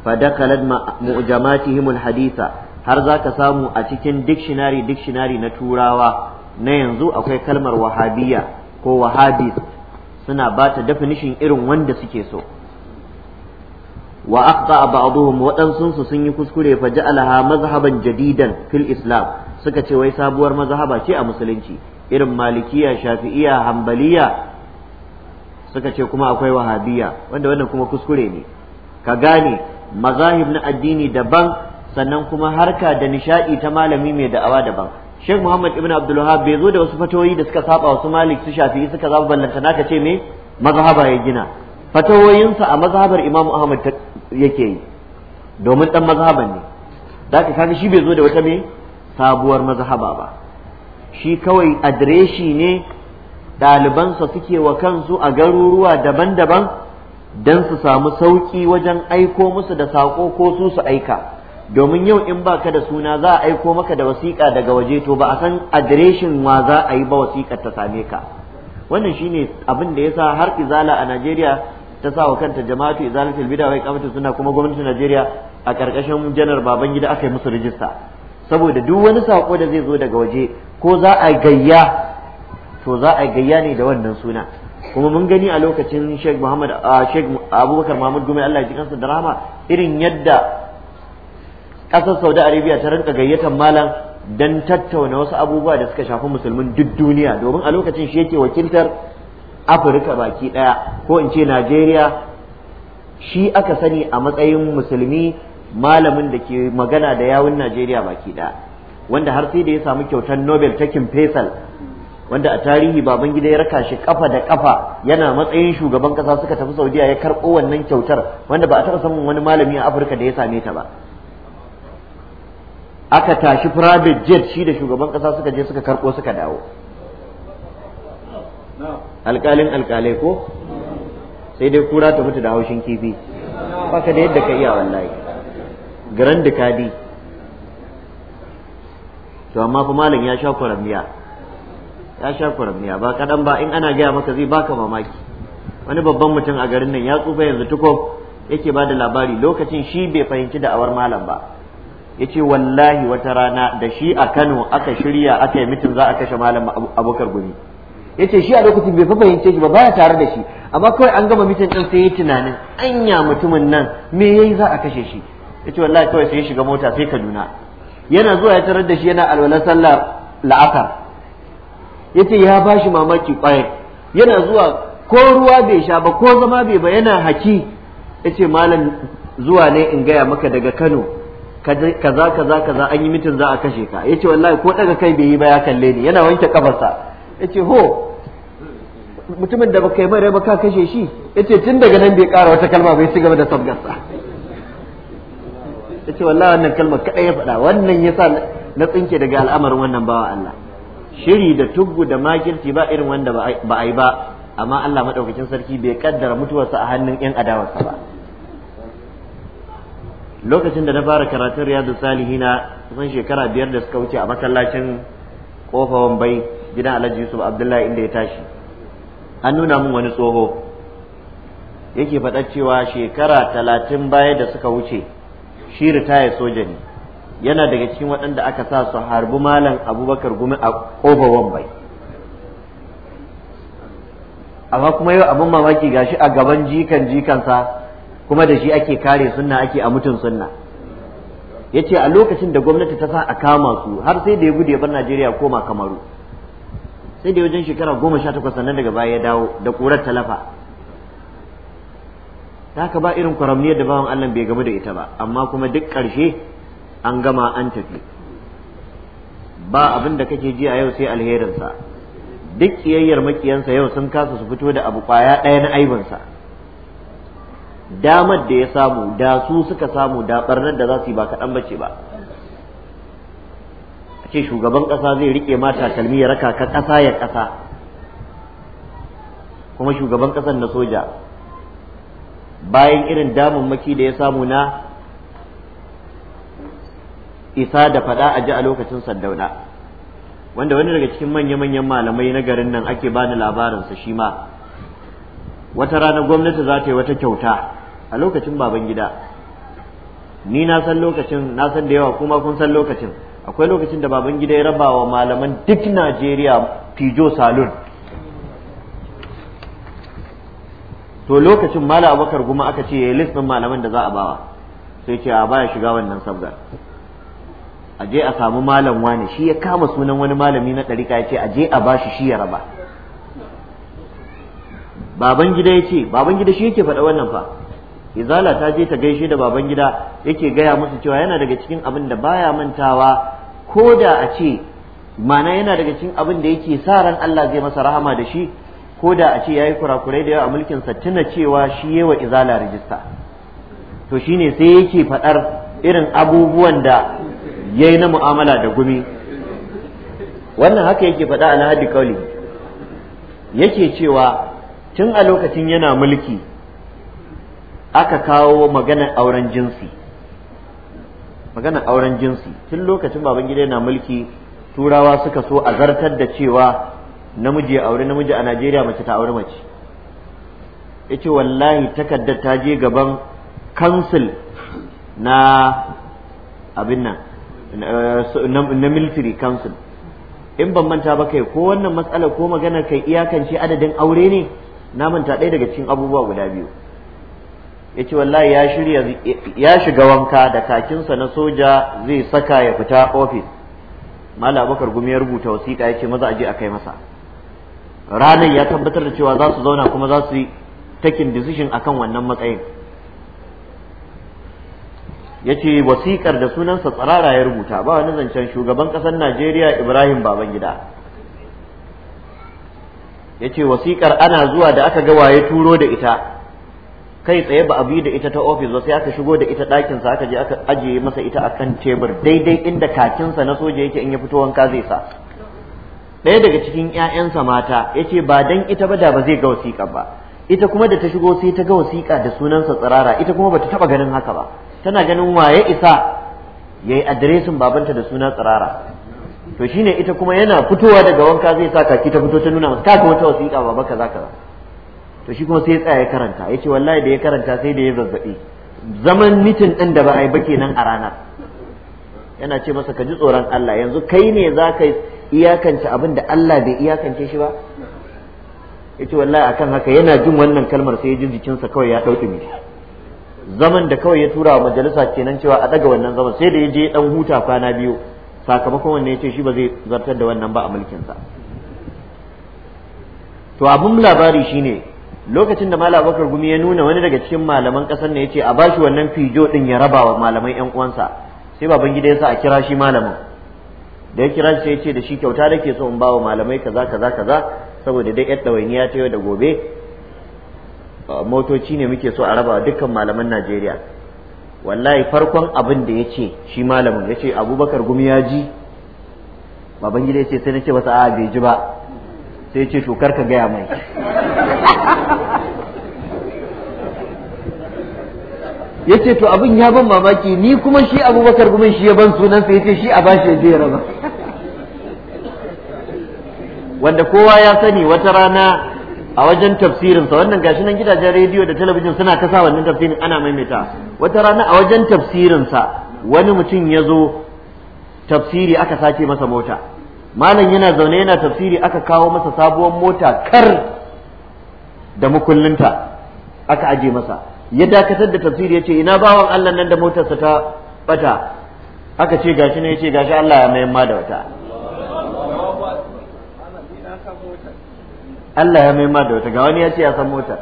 fa dakalat mu'jamatihimul haditha har za ka samu a cikin dictionary dictionary na turawa na yanzu akwai kalmar wahabiya ko wahabis suna bata ta definition irin wanda suke so wa akhta ba'dhum waɗansun su sun yi kuskure fa ja'alaha mazhaban jadidan fil islam suka ce wai sabuwar mazhaba ce a musulunci irin malikiya shafi'iya hambaliya suka ce kuma akwai wahabiya wanda wannan kuma kuskure ne ka gane mazahib na addini daban sannan kuma harka da nishadi ta malami mai da'awa daban Sheikh Muhammad Ibn Abdul Wahab bai zo da wasu fatoyi da suka saba wasu Malik su Shafi'i suka zaba ballanta naka ce me mazhaba ya gina fatawoyinsa a mazhabar Imam Ahmad yake yi domin ɗan mazhaban ne zaka kaga shi bai zo da wata mai sabuwar mazhaba ba shi kawai adireshi ne ɗalibansa suke wa kansu a garuruwa daban-daban don su samu sauƙi wajen aiko musu da saƙo ko su su aika domin yau in ba ka da suna za a aiko maka da wasiƙa daga waje to ba a san adireshin wa za a yi ba wasiƙar ta same ka wannan shine abin da yasa har izala a najeriya ta sa wa kanta jama'atu izalatul bid'a wa iqamatu sunna kuma gwamnatin Najeriya a karkashin janar Babangida aka yi musu rijista saboda duk wani sako da zai zo daga waje ko za a gayya to za a gayya ne da wannan suna kuma mun gani a lokacin Sheikh Muhammad Sheikh Abubakar Muhammad Gumi Allah ya ji kansa da rahama irin yadda ƙasar Saudi Arabia ta rinka gayyatar malam dan tattauna wasu abubuwa da suka shafi musulmin duk duniya domin a lokacin shi yake wakiltar afirka baki ɗaya ko in ce najeriya shi aka sani a matsayin musulmi malamin da ke magana da yawun najeriya baki ɗaya wanda har sai da ya samu kyautar nobel ta kin faisal wanda a tarihi baban gida ya raka shi kafa da kafa yana matsayin shugaban kasa suka tafi saudiya ya karɓo wannan kyautar wanda ba a taɓa samun wani malami a afirka da ya same ta ba aka tashi private jet shi da shugaban kasa suka je suka karɓo suka dawo alƙalin alƙalai ko sai dai kura ta mutu da haushin kifi baka da yadda ka iya wallahi garan da kadi to amma fa malam ya sha kuramiya ya sha kuramiya ba kadan ba in ana gaya maka zai baka mamaki wani babban mutum a garin nan ya tsufa yanzu tuko yake ba da labari lokacin shi bai fahimci da awar malam ba yace wallahi wata rana da shi a Kano aka shirya aka yi mitin za a kashe malam abokar gumi yace shi a lokacin bai fahimce shi ba baya tare da shi amma kawai an gama mitin din sai yi tunanin anya mutumin nan me yayi za a kashe shi yace wallahi kawai sai ya shiga mota sai Kaduna yana zuwa ya tarar da shi yana alwalar sallar la'asar yace ya bashi mamaki kwai yana zuwa ko ruwa bai sha ba ko zama bai ba yana haki yace malam zuwa ne in gaya maka daga Kano kaza kaza kaza an yi mitin za a kashe ka yace wallahi ko daga kai bai yi ba ya kalle ni yana wanke kafarsa yace ho mutumin da baka yi mai ba ka kashe shi yace tun daga nan bai ƙara wata kalma bai cigaba da sabgarsa yace wallahi wannan kalma kadai ya faɗa wannan yasa na tsinke daga al'amarin wannan bawa Allah shiri da tugu da makirci ba irin wanda ba a yi ba amma Allah madaukakin sarki bai kaddara mutuwarsa a hannun yan adawarsa ba lokacin da na fara karatun riyadu salihina kusan shekara biyar da suka wuce a masallacin kofa wambai gidan alhaji yusuf abdullahi inda ya tashi an nuna min wani tsoho yake faɗa cewa shekara talatin baya da suka wuce shi ritaya soja ne yana daga cikin waɗanda aka sa su harbi malam abubakar gumi a ƙofar wambai amma kuma yau abin mamaki gashi a gaban jikan jikansa kuma da shi ake kare sunna ake a mutun sunna ya ce a lokacin da gwamnati ta sa a kama su har sai da ya gudu ya bar najeriya koma kamaru sai da wajen shekara goma sha takwas sannan daga baya ya dawo da ƙurar talafa ta haka ba irin kwaramniyar da bawan Allah bai gamu da ita ba amma kuma duk ƙarshe an gama an tafi ba abin da kake ji a yau sai alherinsa duk ƙiyayyar makiyansa yau sun kasa su fito da abu ƙwaya ɗaya na aibinsa damar da ya samu da su suka samu da ɓarnar da za su yi ba kaɗan bace ba ce shugaban ƙasa zai riƙe ma takalmi ya raka ka ƙasa ya ƙasa kuma shugaban ƙasar na soja bayan irin damammaki da ya samu na isa da faɗa a ji a lokacin sandauna wanda wani daga cikin manya-manyan malamai na garin nan ake bani labarinsa shi ma wata rana gwamnati za ta yi wata kyauta a lokacin baban gida ni na san lokacin na san da yawa kuma kun san lokacin akwai lokacin da baban gida ya raba wa malaman duk najeriya fijo salon to lokacin mala abubakar kuma aka ce yayi list din malaman da za a bawa sai ce a baya shiga wannan sabgar a je a samu malam wani shi ya kama sunan wani malami na ɗarika ya ce a je a bashi shi ya raba baban gida ya ce baban gida shi yake faɗa wannan fa izala ta je ta gaishe da baban gida yake gaya musu cewa yana daga cikin abin da baya mantawa ko da a ce mana yana daga cikin abin da yake sa ran Allah zai masa rahama da shi ko da a ce yayi kurakurai da yawa a mulkin sa tuna cewa shi yawa izala rijista, to shine sai yake faɗar irin abubuwan da yayi na mu'amala da gumi wannan haka yake faɗa a lahadi kauli yake cewa tun a lokacin yana mulki aka kawo maganar auren jinsi magana auren jinsi tun lokacin baban gida yana mulki turawa suka so a zartar da cewa namiji ya aure namiji a Najeriya mace ta aure mace yace wallahi takardar ta je gaban council na abin nan na military council in ban manta ba kai ko wannan matsalar ko maganar kai iyakance adadin aure ne na manta ɗaya daga cikin abubuwa guda biyu ya ce wallahi ya shirya ya shiga wanka da kakinsa na soja zai saka ya fita ofis mala abubakar gumi ya rubuta wasiƙa ya ce maza aje a kai masa ranar ya tabbatar da cewa za su zauna kuma za su yi takin decision akan wannan matsayin ya ce wasiƙar da sunansa tsarara ya rubuta ba wani zancen shugaban ƙasar najeriya ibrahim babangida ya ce wasiƙar ana zuwa da aka ga waye turo da ita kai tsaye ba a da ita ta ofis ba sai aka shigo da ita ɗakin sa aka je aka ajiye masa ita akan tebur daidai inda kakinsa na soja yake in ya fito wanka zai sa ɗaya daga cikin ƴaƴansa mata yace ba dan ita ba da ba zai ga wasiƙa ba ita kuma da ta shigo sai ta ga wasiƙa da sunansa tsirara ita kuma bata taɓa ganin haka ba tana ganin waye isa yayi adireshin babanta da suna tsirara to shine ita kuma yana fitowa daga wanka zai sa kaki ta fito ta nuna masa kaga wata wasiƙa ba kaza kaza to shi kuma sai ya tsaya ya karanta ya ce wallahi da ya karanta sai da ya zazzaɓi zaman mitin ɗin da ba a yi ba kenan a ranar yana ce masa ka ji tsoron Allah yanzu kai ne za ka iyakance abin da Allah bai iyakance shi ba ya ce wallahi akan haka yana jin wannan kalmar sai ya ji jikinsa kawai ya ɗauki mai zaman da kawai ya tura wa majalisa kenan cewa a ɗaga wannan zaman sai da ya je ɗan huta kwana biyu sakamakon wannan ya ce shi ba zai zartar da wannan ba a mulkin sa to abin labari shine lokacin da malam Abubakar gumi ya nuna wani daga cikin malaman kasar ne ya ce a bashi wannan fijo din ya raba wa malaman yan uwansa sai baban gida yasa a kira shi malamin da ya kira shi ya ce da shi kyauta da ke so in bawa wa malamai kaza kaza kaza saboda dai yar ɗawainiya ta yau da gobe motoci ne muke so a raba dukkan malaman Najeriya wallahi farkon abin da ya ce shi malamin ya ce Abubakar gumi ya ji baban gida ce sai ce masa a bai ji ba sai yace to kar ka gaya mai ya ce to abin ya ban mamaki ni kuma shi abubakar kuma shi ya ban sunansa yace shi a bashi zai raba wanda kowa ya sani wata rana a wajen tafsirinsa wannan gashi nan gidajen rediyo da talabijin suna kasa wannan tafsirin ana maimaita wata rana a wajen tafsirinsa wani mutum ya zo tafsiri aka sake masa mota malam yana zaune yana tafsiri aka kawo masa sabuwar mota kar da mukullinta aka aje masa ya dakatar da tafsiri ya ce ina bawan Allah nan da motarsa ta bata aka ce gashi ne ya ce gashi Allah ya mayan ma da wata Allah ya mayan ma da wata ga wani ya ce ya san motar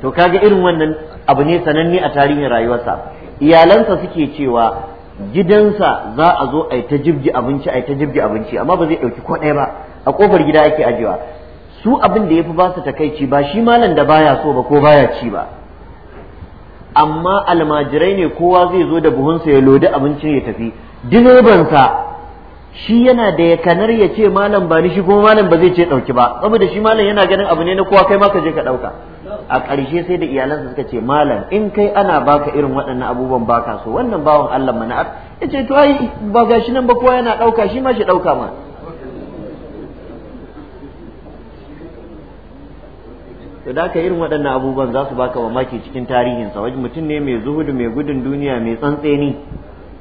to kaga irin wannan abu ne sananne a tarihin rayuwarsa iyalansa suke cewa gidansa za a zo a yi ta jibgi abinci a yi ta jibgi abinci amma ba zai ɗauki ko ɗaya ba a ƙofar gida ake ajiyewa su abin da ya fi ba su takaici ba shi malam da baya so ba ko baya ci ba amma almajirai ne kowa zai zo da buhunsa ya lodi abincin ya tafi direbansa shi yana da ya kanar ya ce malam ba ni shi kuma malam ba zai ce dauki ba saboda shi malam yana ganin abu ne na kowa kai ma ka je ka ɗauka a ƙarshe sai da iyalansa suka ce malam in kai ana baka irin waɗannan abubuwan baka so wannan bawan Allah mana'ar ya ce to ai ba gashi nan ba kowa yana ɗauka shi ma shi ɗauka ma to da ka irin waɗannan abubuwan za su baka mamaki cikin tarihinsa wajen mutum ne mai zuhudu mai gudun duniya mai tsantseni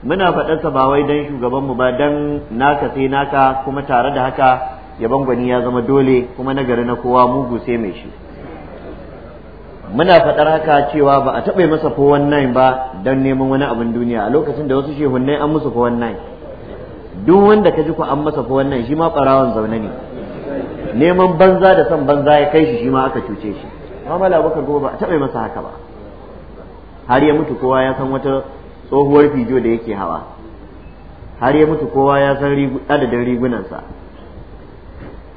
muna faɗarsa ba wai dan shugaban mu ba dan naka sai naka kuma tare da haka ya bangwani ya zama dole kuma nagari na kowa mugu sai mai shi muna faɗar haka cewa ba a taɓa masa fo wannan ba don neman wani abin duniya a lokacin da wasu shehunnai an musu fo wannan duk wanda ka ji ku an masa fo wannan shi ma ɓarawon zaune ne neman banza da san banza ya kai shi shi ma aka cuce shi amma baka goma ba a taɓa masa haka ba har ya mutu kowa ya san wata tsohuwar fijo da yake hawa har ya mutu kowa ya san adadin rigunansa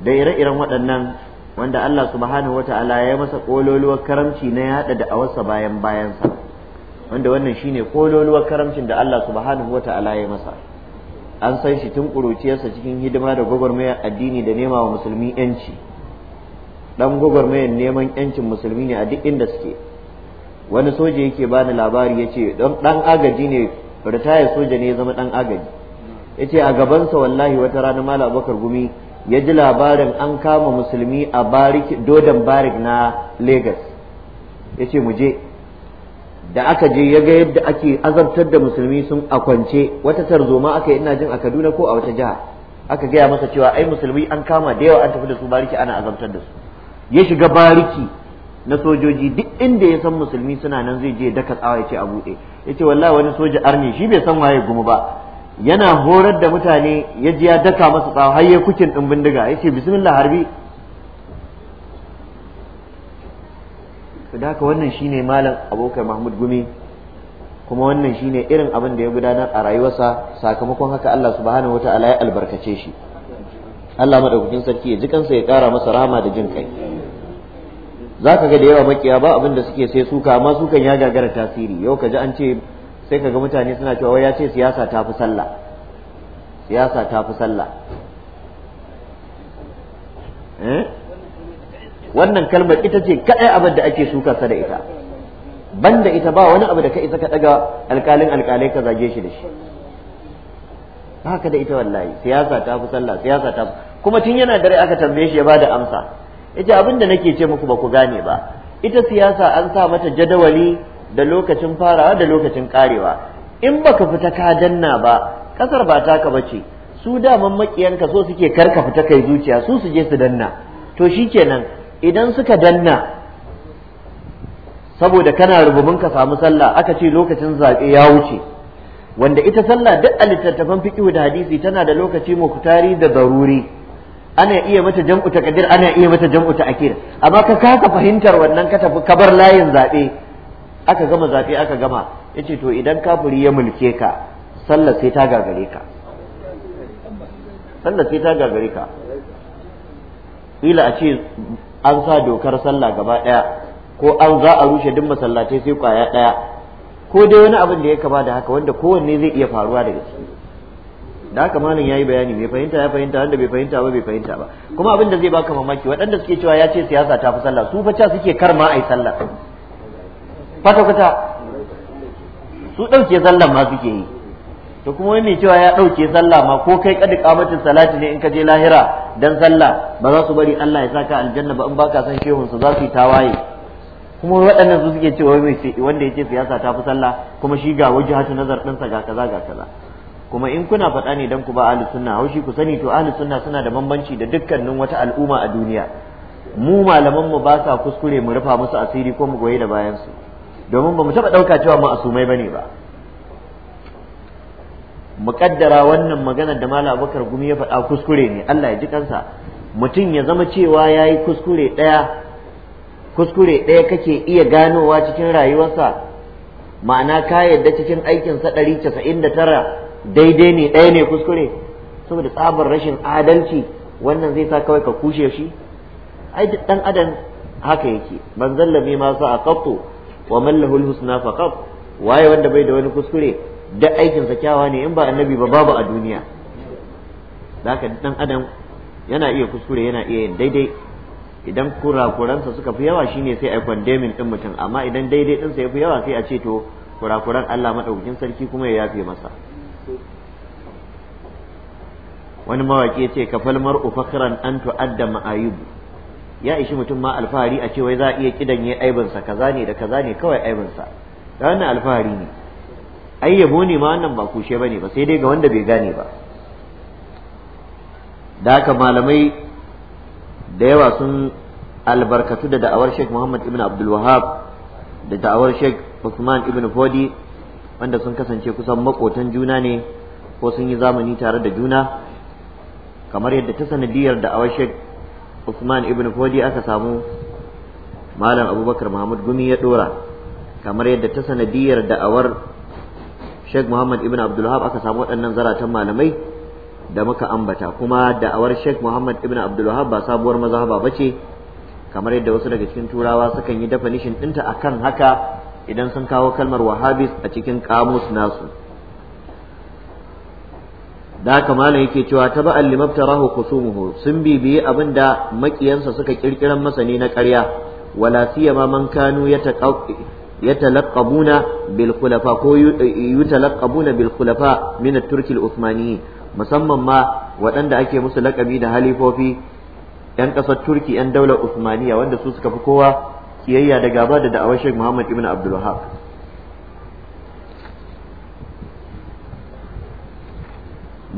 da ire-iren waɗannan wanda Allah subhanahu wata'ala ya masa kololuwar karamci na yaɗa da awarsa bayan bayansa wanda wannan shine kololuwar karamcin da Allah subhanahu wata'ala ya masa an san shi tun ƙuruciyarsa cikin hidima da gwagwarmayar addini da nema wa musulmi yanci ɗan gwagwarmayar neman yancin musulmi ne a duk inda suke wani soja yake bani labari ya ce ɗan agaji ne ritaya soja ne ya zama ɗan agaji ya ce a gabansa wallahi wata rana mala abokar gumi ya ji labarin an kama musulmi a dodan barik na lagos ya ce mu je da aka je ya ga yadda ake azabtar da musulmi sun akwance wata tarzoma aka yi ina jin a Kaduna ko a wata jiha aka gaya masa cewa ai musulmi an kama da yawa an tafi da su bariki ana azabtar da su ya shiga bariki na sojoji duk inda ya san musulmi suna nan zai je daka tsawa ya ce a buɗe ya ce wallahi wani soja arni shi bai san waye gumu ba yana horar da mutane ya ji ya daka masa tsawa har ya kukin ɗin bindiga ya ce bismillah harbi su haka wannan shine malam abokai mahmud gumi kuma wannan shine irin abin da ya gudanar a rayuwarsa sakamakon haka Allah subhanahu wataala ya albarkace shi Allah madaukakin sarki ya jikansa ya kara masa rama da jin kai zaka ga da yawa makiya ba abin da suke sai suka amma sukan ya gagara tasiri yau ka ji an ce sai ka ga mutane suna cewa wai ya ce siyasa ta fi sallah siyasa ta fi sallah eh? wannan kalmar ita ce kadai abin da ake suka sa da ita banda ita ba wani abu da ka isa ka daga alkalin alkalai ka zage shi da shi haka da ita wallahi siyasa ta fi sallah siyasa ta kuma tun yana dare aka tambaye shi ya bada amsa yace abin da nake ce muku ba ku gane ba ita siyasa an sa mata jadawali da lokacin farawa da lokacin karewa in baka fita ka danna ba kasar ba taka bace su daman makiyanka so suke karka fita kai zuciya su su je su danna to shikenan idan suka danna saboda kana rububin ka samu sallah aka ce lokacin zaɓe ya wuce wanda ita sallah duk a littattafan fiqh da hadisi tana da lokaci muktari da daruri ana iya mata jam'u kadir ana iya mata jam'u ta'khir amma ka kaka fahimtar wannan ka tafi kabar layin zaɓe aka gama zaɓe aka gama yace to idan kafiri ya mulke ka sallah sai ta gagare ka sallah sai ta gagare ka kila a ce an sa dokar sallah gaba ɗaya ko an za a rushe duk masallatai sai kwaya ɗaya ko dai wani abin da ya kama da haka wanda kowanne zai iya faruwa daga ciki da haka malam yayi bayani mai fahimta ya fahimta wanda bai fahimta ba bai fahimta ba kuma abin da zai baka mamaki waɗanda suke cewa ya ce siyasa ta fi sallah su fa suke kar ma ai sallah fata kwata su ɗauke sallan ma suke yi to kuma wani cewa ya ɗauke sallah ma ko kai kadi kamatin salati ne in ka je lahira dan sallah ba za su bari Allah ya saka aljanna ba in baka san shehun su za su yi tawaye kuma waɗannan su suke cewa mai wanda yake siyasa ta fi sallah kuma shi ga wajhatu nazar din sa ga kaza ga kaza kuma in kuna faɗa ne dan ku ba ahli sunna haushi ku sani to ahli sunna suna da bambanci da dukkanin wata al'umma a duniya mu malaman mu ba sa kuskure mu rufa musu asiri ko mu goye da bayansu domin ba mu taɓa ɗauka cewa mu asumai bane ba muƙaddara wannan maganar da Malam Abubakar Gumi ya faɗa kuskure ne Allah ya ji kansa mutum ya zama cewa ya yi kuskure ɗaya kuskure ɗaya kake iya ganowa cikin rayuwarsa ma'ana ka yadda cikin aikinsa ɗari casa'in da tara daidai ne ɗaya ne kuskure saboda tsabar rashin adalci wannan zai sa kawai ka kushe shi ai duk ɗan adam haka yake man zallame ma sa a wa man lahu husna faqat waye wanda bai da wani kuskure da aikin sa kyawa ne in ba annabi ba babu a duniya zaka dan adam yana iya kuskure yana iya yin daidai idan kurakuransa suka fi yawa shine sai a condemn din mutum amma idan daidai din sa ya fi yawa sai a ce to kurakuran Allah madaukakin sarki kuma ya yafe masa wani mawaki ya ce kafal mar'u fakhran an tu'adda ma'ayib ya ishi mutum ma alfahari a ce wai za a iya kidan yayi aibinsa kaza ne da kaza ne kawai aibinsa da wannan alfahari ne ai yabo ne ma wannan ba kushe bane ba sai dai ga wanda bai gane ba da haka malamai da yawa sun albarkatu da da'awar Sheikh Muhammad ibn Abdul Wahab da da'awar Sheikh Usman ibn Fodi wanda sun kasance kusan makotan juna ne ko sun yi zamani tare da juna kamar yadda ta sanadiyar da'awar Sheikh Usman ibn Fodi aka samu Malam Abubakar Muhammad Gumi ya dora kamar yadda ta sanadiyar da'awar Sheikh Muhammad ibn Abdulhab aka samu waɗannan zaratan malamai da muka ambata kuma da'awar Sheikh Muhammad ibn Abdulhab ba sabuwar mazhaba bace kamar yadda wasu daga cikin turawa sukan yi definition ɗinta akan haka idan sun kawo kalmar Wahhabis a cikin kamus nasu da haka malam yake cewa ta ba'al limabtarahu kusumuhu sun bibiyi abin da makiyansa suka kirkiran masani na ƙarya wala siyama man kanu ya yatalaqabuna bil khulafa ko yutalaqabuna bil khulafa min at-turk al-uthmani musamman ma waɗanda ake musu lakabi da halifofi yan ƙasar turki yan daular uthmaniya wanda su suka fi kowa kiyayya da gaba da da'awar Sheikh Muhammad ibn Abdul Wahhab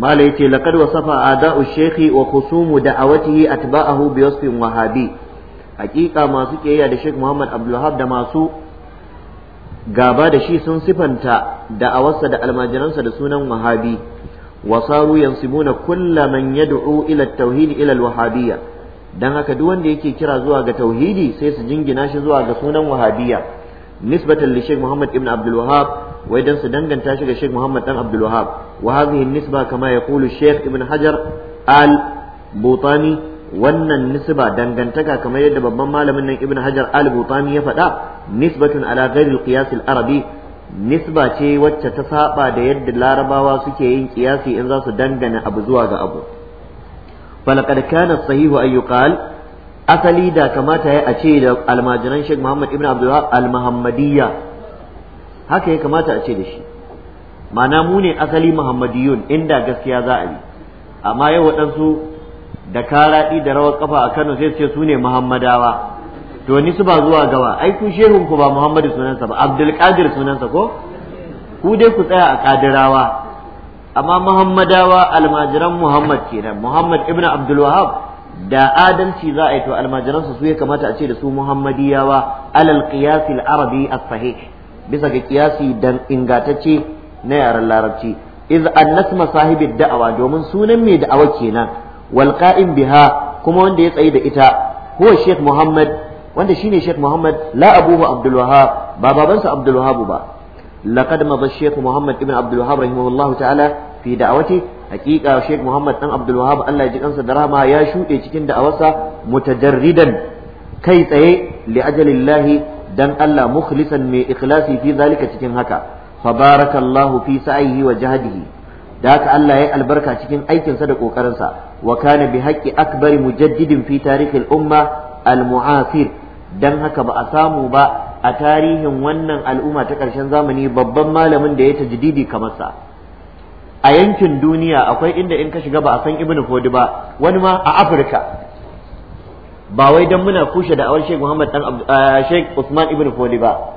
mala yace laqad wasafa ada'u shaykhi wa khusumu da'awatihi atba'ahu bi wasfin wahabi hakika masu kiyayya da Sheikh Muhammad Abdul Wahhab da masu gaba da shi sun sifanta da'awarsa da almajiransa da sunan wahabi wasaru yansibuna kulla man yad'u ila at-tauhid ila al-wahabiyya dan haka duk wanda yake kira zuwa ga tauhidi sai su jingina shi zuwa ga sunan wahabiyya nisbatan li Sheikh Muhammad ibn Abdul Wahhab wai dan su danganta shi ga Sheikh Muhammad dan Abdul Wahhab wa hadhihi an-nisba kama yaqulu Sheikh Ibn Hajar al-Butani wannan nisba dangantaka kamar yadda babban malamin nan ibn hajar al-butani ya faɗa nisbatun ala ghairi al-qiyas al-arabi nisba ce wacce ta saba da yadda larabawa suke yin kiyasi in za su dangana abu zuwa ga abu falaqad kana sahihu ay yuqal asali da kamata ya a ce da almajiran Sheikh Muhammad ibn Abdul al-Muhammadiyya haka ya kamata a ce da shi ma'ana mu ne asali Muhammadiyun inda gaskiya za a yi amma yau waɗansu da karaɗi da rawar kafa a Kano sai ce su ne Muhammadawa to ni su ba zuwa gaba ai ku shehun ku ba Muhammadu sunansa ba Abdul Qadir sunansa ko ku dai ku tsaya a Qadirawa amma Muhammadawa almajiran Muhammad kenan Muhammad ibn Abdul da adalci za a yi to almajiran su ya kamata a ce da su Muhammadiyawa alal qiyas al arabi as sahih bisa ga ƙiyasi dan ingatacce na yaran larabci iz an nasma da'awa domin sunan mai da'awa kenan wal biha kuma wanda ya tsayi da ita huwa Sheikh Muhammad wanda shine Sheikh Muhammad la abuhu Abdul ba babansa Abdul Wahhab ba laqad madha Sheikh Muhammad ibn Abdul Wahhab rahimahullahu ta'ala fi da'awati hakika Sheikh Muhammad dan Abdul Wahhab Allah ya ji kansa da rahama ya shuɗe cikin da'awarsa mutajarridan kai tsaye li ajalillahi dan Allah mukhlisan mai ikhlasi fi zalika cikin haka fa fabarakallahu fi sa'ihi wa jahdihi da haka Allah ya albarka cikin aikinsa da ƙoƙarinsa wa kana bi haqqi akbari mujaddidin fi tarihil umma al mu'asir dan haka ba a samu ba a tarihin wannan al'umma ta ƙarshen zamani babban malamin da ya tajdidi kamar sa a yankin duniya akwai inda in ka shiga ba a san ibnu fodi ba wani ma a afirka ba wai dan muna kushe da awar sheikh muhammad dan eh, sheikh usman ibnu fodi ba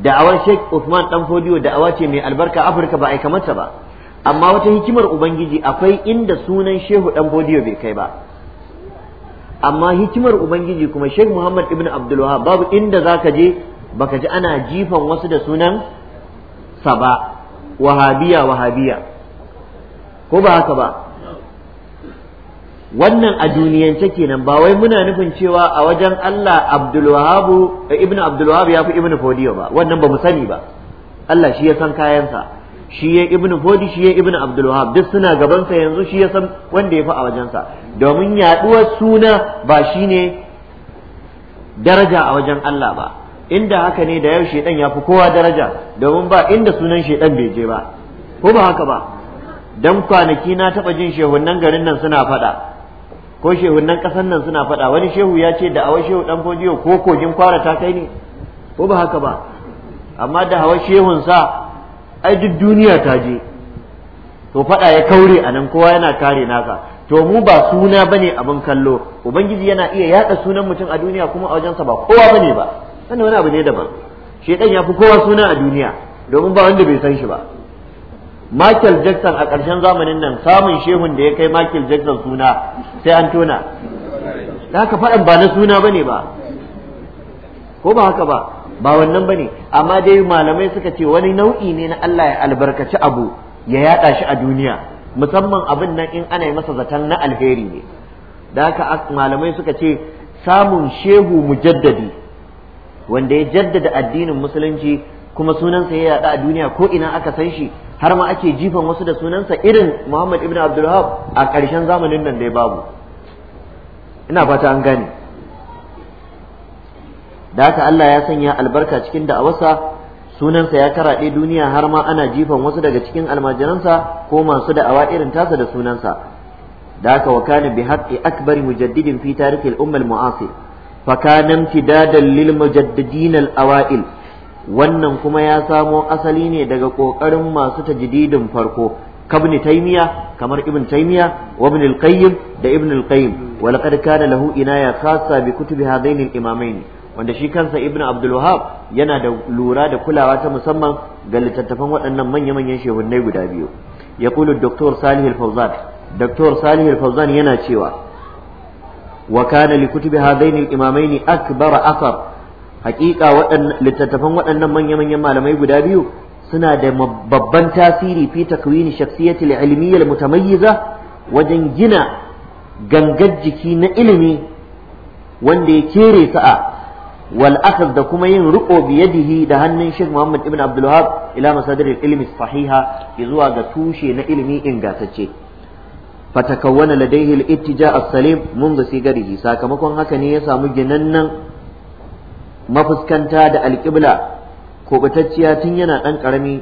da'awar Sheikh usman dan Fodiyo da'awa ce mai albarka Afirka ba a ta ba amma wata hikimar ubangiji akwai inda sunan shehu dan bodiyo bai kai ba amma hikimar ubangiji kuma shehu muhammad ibn abdulwahab babu inda zaka je baka ji ana jifan wasu da sunan saba ba wahabiya wahabiya ko ba haka ba wannan a duniyance kenan ba wai muna nufin cewa a wajen Allah Abdulwahabu eh, ibn Abdulwahab ya fi ibn Fodiyo ba wannan ba mu sani ba Allah shi ya san kayansa shi ya ibnu fodi shi ya ibnu abdul wahab duk suna gabansa yanzu shi ya san wanda ya fi a wajensa domin yaduwar suna ba shine daraja a wajen Allah ba inda haka ne da yau shedan ya fi kowa daraja domin ba inda sunan shedan bai je ba ko ba haka ba dan kwanaki na taba jin shehunnan garin nan suna faɗa ko shehunnan ƙasar nan suna faɗa wani shehu ya ce da awai shehu dan fodiyo ko kogin kwara ta kai ne ko ba haka ba amma da hawa shehun sa. ai duk duniya ta je to faɗa ya kaure a nan kowa yana kare naka to mu ba suna bane abin kallo ubangiji yana iya yada sunan mutum a duniya kuma a wajensa ba kowa bane ba sannan wani abu ne daban shedan ya fi kowa suna a duniya domin ba wanda bai san shi ba Michael Jackson a ƙarshen zamanin nan samun shehun da ya kai Michael Jackson suna sai an tona. Da haka faɗan ba na suna ba ne ba, ko ba haka ba, ba wannan bane amma dai malamai suka ce wani nau'i ne na Allah ya albarkaci abu ya yada shi a duniya musamman abin nan in ana yi masa zaton na alheri ne da haka malamai suka ce samun shehu mujaddadi wanda ya jaddada addinin musulunci kuma sunansa ya yada a duniya ko ina aka san shi har ma ake jifan wasu da sunansa irin Muhammad ibn Abdulhab a ƙarshen zamanin nan da ya babu ina fata an gane da haka Allah ya sanya albarka cikin da'awarsa sunansa ya karaɗe duniya har ma ana jifan wasu daga cikin almajiransa ko masu da'awa irin tasa da sunansa da haka wa kana bi haqqi akbar mujaddidin fi tarikh al-umma al-mu'asir fa kana imtidadan lil mujaddidin al-awail wannan kuma ya samo asali ne daga kokarin masu tajdidin farko kabni taymiya kamar ibn taymiya wa ibn al-qayyim da ibn al-qayyim wa laqad kana lahu inaya khassa bi kutubi hadain al-imamain wanda shi kansa Ibn abdul wahab yana da lura da kulawa ta musamman ga littattafan waɗannan manya-manyan shehunnai guda biyu yaqulu doktor salih al-fawzan doktor salih al-fawzan yana cewa wa kana li kutubi hadaini al-imamaini akbar athar haƙiƙa littattafan waɗannan manya-manyan malamai guda biyu suna da babban tasiri fi takwini shakhsiyati al-ilmiyya al-mutamayyiza wajen gina gangar jiki na ilimi wanda ya kere sa'a wal da kuma yin riƙo yadihi da hannun Sheikh Muhammad ibn Abdul Wahhab ila masadir ilmi sahiha zuwa ga tushe na ilimi ingantacce fatakawwana ladaihi al-ittija as-salim ga sigarihi sakamakon haka ne ya samu ginannan mafuskanta da ko batacciya tun yana ɗan karami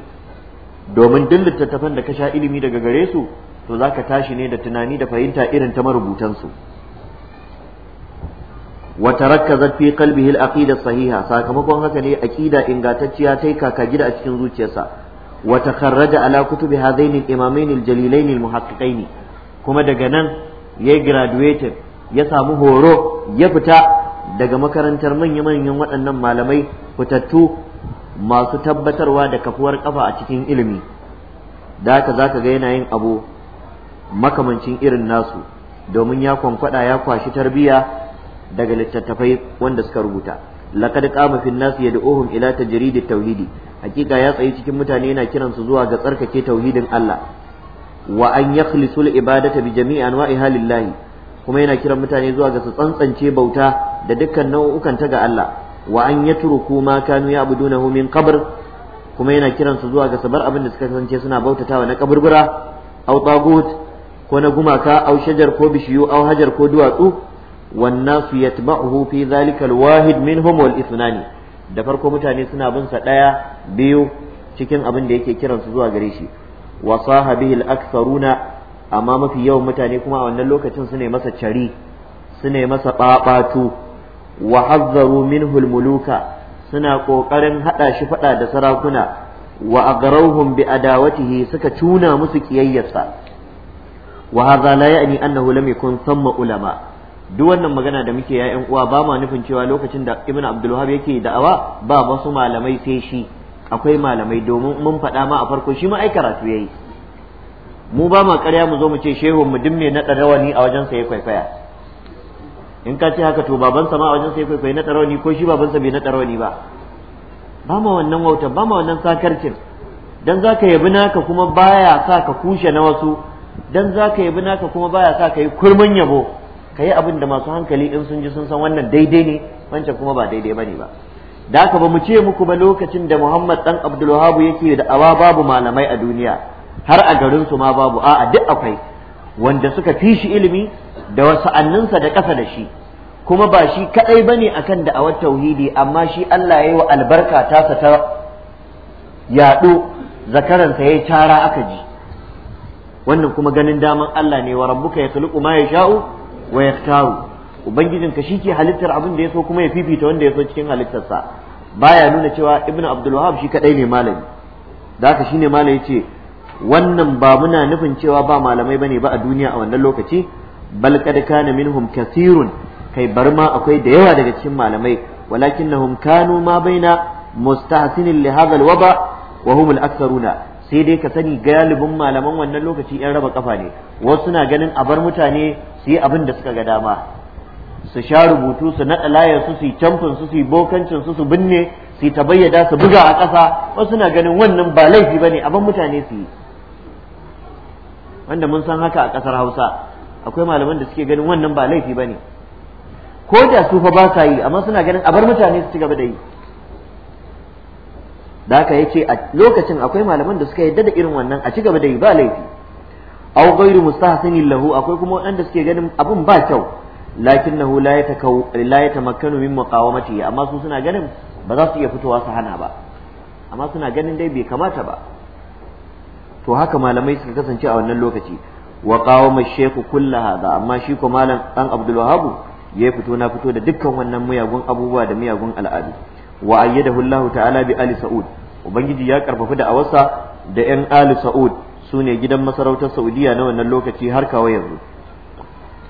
domin duk littattafan da ka sha ilimi daga gare su to zaka tashi ne da tunani da fahimta irin ta marubutan su wa tarakkazat fi qalbihi al-aqida sahiha sakamakon haka ne aqida ingantacciya tai kaka gida a cikin zuciyarsa wa takharraja ala kutubi hadaini al-imamain al-jalilain al-muhaqqiqain kuma daga nan yayi graduated ya samu horo ya fita daga makarantar manya-manyan waɗannan malamai fitattu masu tabbatarwa da kafuwar kafa a cikin ilimi da haka za ka ga yana yin abu makamancin irin nasu domin ya kwankwada ya kwashi tarbiya daga littattafai wanda suka rubuta laqad qama fi nas yad'uhum ila tajrid at-tauhid hakika ya tsayi cikin mutane yana kiran su zuwa ga tsarkake tauhidin Allah wa an yakhlisul ibadata bi jami'i anwa'iha lillahi kuma yana kiran mutane zuwa ga su tsantsance bauta da dukkan nau'ukan ta ga Allah wa an yatruku ma kanu ya'budunahu min qabr kuma yana kiran su zuwa ga sabar abin da suka kasance suna bautatawa na kaburbura aw tagut ko na gumaka aw shajar ko bishiyu aw hajar ko duwatsu والناس يتبعه في ذلك الواحد منهم والاثنان da farko mutane suna bin sa daya biyu cikin abin da yake kiransu zuwa gare shi wa sahabihi al-aktharuna amma mafi yawan mutane kuma a wannan lokacin su ne masa cari su ne masa babatu wa hazzaru minhu al-muluka suna kokarin hada shi fada da sarakuna wa agrauhum bi adawatihi suka tuna musu kiyayyarsa wa hadha la ya'ni annahu lam yakun thamma ulama' duk wannan magana da muke ya yan uwa ba ma nufin cewa lokacin da ibn abdul wahab yake da'awa ba wasu malamai sai shi akwai malamai domin mun faɗa ma a farko shi ma ai karatu yayi mu ba ma ƙarya mu zo mu ce shehu mu duk na naɗa rawani a wajen sa ya kwaikwaya in ka ce haka to babansa ma a wajen sa ya kwaikwaya naɗa rawani ko shi babansa bai naɗa rawani ba ba ma wannan wauta ba ma wannan sakarcin dan zaka yabi naka kuma baya sa ka kushe na wasu dan zaka yabi naka kuma baya sa ka yi kurmin yabo ka yi abin da masu hankali in sun ji sun san wannan daidai ne wancan kuma ba daidai bane ba da haka ba mu ce muku ba lokacin da Muhammad dan abdulwahab yake da awa babu malamai a duniya har a garin su ma babu a'a duk akwai wanda suka fi shi ilimi da wasu annunsa da ƙasa da shi kuma ba shi kaɗai ba ne a kan da'awar tauhidi amma shi Allah ya yi wa albarka tasa ta yaɗo zakaransa ya yi tara aka ji wannan kuma ganin daman Allah ne wa rabbuka ya tuluku ma ya sha'u wa yaktaru ka shi ke halittar abin da ya so kuma ya fifita wanda ya so cikin halittarsa baya nuna cewa ibnu abdul wahab shi kadai ne malami da haka shine malami yace wannan ba muna nufin cewa ba malamai bane ba a duniya a wannan lokaci bal qad kana minhum kathirun kai barma akwai da yawa daga cikin malamai walakinnahum kanu ma baina mustahsinin li hadha alwada wa hum al-aktharuna sai dai ka sani galibin malaman wannan lokaci yan raba kafa ne wasu na ganin a bar mutane su yi abin da suka ga dama su sha rubutu su naɗa layar su su yi camfin su su bokancin su su binne su yi bayyada su buga a ƙasa wasu na ganin wannan ba laifi ba ne abin mutane su yi wanda mun san haka a ƙasar hausa akwai malaman da suke ganin wannan ba laifi ba ne ko da su fa ba sa yi amma suna ganin a bar mutane su ci gaba da yi da haka ce a lokacin akwai malaman da suka yadda da irin wannan a cigaba da yi ba laifi aw ghairu mustahsinin lahu akwai kuma wanda suke ganin abun ba kyau lakinnahu la yatakaw la yatamakkanu min muqawamati amma su suna ganin ba za su iya fitowa su hana ba amma suna ganin dai bai kamata ba to haka malamai suka kasance a wannan lokaci wa qawama shaykhu kullu hada amma shi ko malam dan Abdul Wahhab ya fito na fito da dukkan wannan miyagun abubuwa da miyagun al'adu wa ayyadahu Allah ta'ala bi ali sa'ud ubangiji ya karfafi da awasa da yan ali sa'ud sune gidan masarautar saudiya na wannan lokaci har kawai yanzu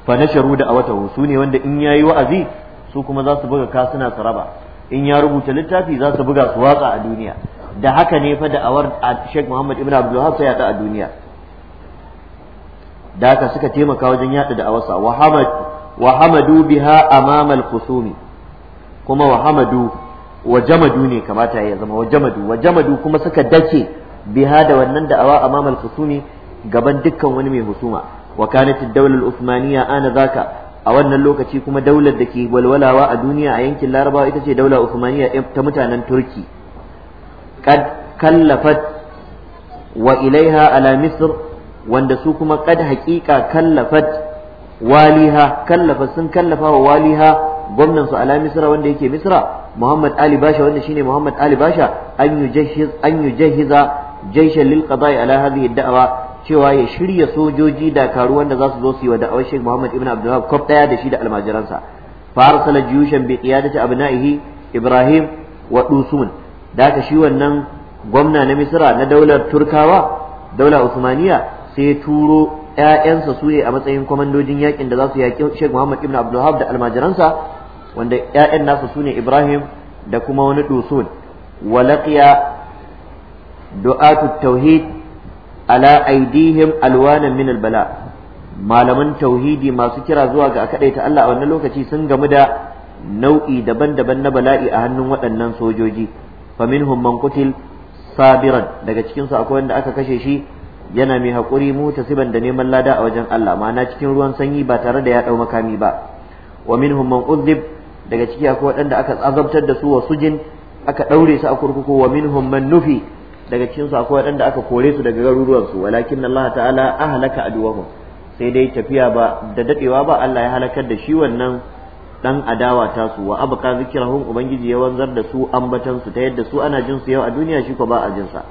fa nasharu da awatahu sune wanda in yayi wa'azi su kuma za su buga kasuna su raba in ya rubuta littafi za su buga su watsa a duniya da haka ne fa da'awar Sheikh Muhammad Ibn Abdul Wahab sai ta a duniya da haka suka taimaka wajen yada da wa hamad wa biha amamal kusumi kuma wa wa ne kamata ya zama wajamadu wajamadu kuma suka dace biha da wannan da'awa amam al-khusumi gaban dukkan wani mai husuma wa kanat ad-dawla al-uthmaniyya ana zaka a wannan lokaci kuma daular da ke walwalawa a duniya a yankin larabawa ita ce daular uthmaniyya ta mutanen turki kad kallafat wa ilaiha ala misr wanda su kuma kad hakika kallafat waliha kallafa sun kallafa wa waliha gwamnan su ala misra wanda yake misra muhammad ali basha wanda shine muhammad ali basha an yujahhiz an yujahhiza jaishan lil qada'i ala hadhihi da'wa cewa ya shirya sojoji dakaru wanda za su zo su yi wa da'awar Sheikh Muhammad ibn Abdul Wahab kwaf daya da shi da almajiransa fa arsala jiyushan bi qiyadati abna'ihi Ibrahim wa Dusun da ka shi wannan gwamna na Misra na daular Turkawa daular Usmaniya sai ya turo ƴaƴansa su ne a matsayin kwamandojin yakin da za su yaƙi Sheikh Muhammad ibn Abdul Wahab da almajiransa wanda ‘ya'yan nasu su ne Ibrahim da kuma wani dusun walaƙiya du'atu tauhid ala aidihim alwanan min albala malaman tauhidi masu kira zuwa ga ta Allah a wannan lokaci sun gamu da nau'i daban-daban na bala'i a hannun waɗannan sojoji faminhum man qutil sabiran daga cikin su akwai wanda aka kashe shi yana mai haƙuri siban da neman lada a wajen Allah ma'ana cikin ruwan sanyi ba tare da ya ɗau makami ba wa minhum man uzib daga ciki akwai waɗanda aka azabtar da su wa sujin aka ɗaure su a kurkuku wa minhum man nufi daga cikin su akwai waɗanda aka kore su daga garuruwan su walakin Allah ta'ala ahlaka aduwahum sai dai tafiya ba da dadewa ba Allah ya halakar da shi wannan dan adawa ta su wa abqa zikrahum ubangiji ya wanzar da su ambatan su ta yadda su ana jin su yau a duniya shi ko ba a jin sa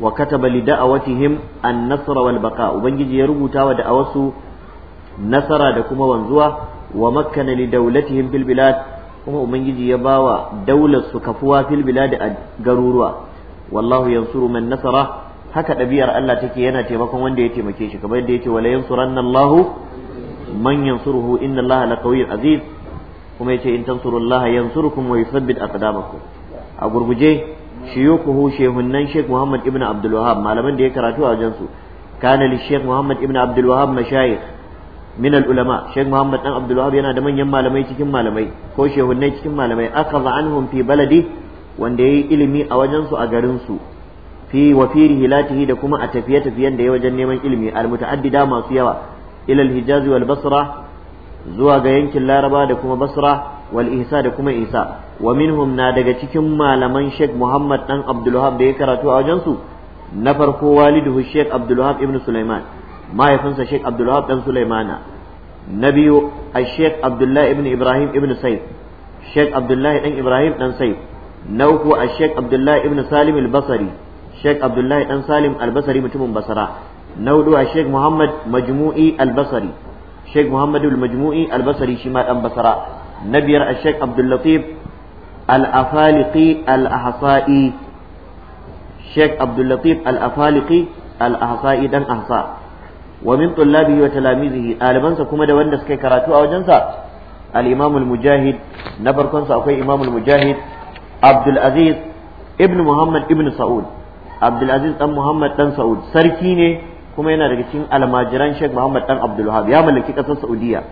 wa kataba li da'awatihim an-nasr wal baqa ubangiji ya rubuta wa da'awarsu nasara da kuma wanzuwa wa makkana li dawlatihim fil bilad kuma ubangiji ya bawa daular su kafuwa fil bilad a garuruwa wallahu yansuru man nasara haka ɗabi'ar Allah take yana taimakon wanda ya taimake shi kamar yadda yake wala yansuranna Allahu man yansuruhu inna Allaha laqawiyyun aziz kuma yace in tansurullaha yansurukum wa yuthabbit aqdamakum a gurguje shiyukuhu shehunnan Sheikh Muhammad ibn Abdul Wahhab malaman da ya karatu a wajensu kana li Sheikh Muhammad ibn Abdul Wahhab mashayikh Minal ulama Sheikh Muhammad dan Abdul Wahab yana da manyan malamai cikin malamai ko shehunnai cikin malamai akaza anhum fi baladi wanda yayi ilimi a wajen su a garin su fi wa fi rihilatihi da kuma a tafiye tafiyen da ya wajen neman ilimi al mutaaddida masu yawa ila al Hijaz wal Basra zuwa ga yankin Laraba da kuma Basra wal Ihsa da kuma Isa wa minhum na daga cikin malaman Sheikh Muhammad dan Abdul da ya karatu a wajen su na farko walidu Sheikh Abdul ibn Sulaiman mahaifinsa Sheikh Abdulwahab ɗan Sulaimana na biyu a Sheikh Abdullahi ibn Ibrahim ibn Saif Sheikh Abdullahi dan Ibrahim ɗan Saif na uku a Sheikh Abdullahi ibn Salim al-Basri Sheikh Abdullahi dan Salim al-Basri mutumin Basra na hudu a Sheikh Muhammad Majmu'i al-Basri Sheikh Muhammad al-Majmu'i al-Basri shi ma dan Basra na biyar a Sheikh Abdul al-Afaliqi al-Ahsa'i Sheikh Abdul al-Afaliqi al-Ahsa'i dan Ahsa' wa min tullabihi wa talamizihi ɗalibansa kuma da wanda suka karatu a wajensa al-imam mujahid na farkon akwai imam mujahid abdul aziz ibn muhammad ibn sa'ud abdul aziz dan muhammad dan sa'ud sarki ne kuma yana daga cikin almajiran sheikh muhammad dan abdul ya mallaki ƙasar saudiya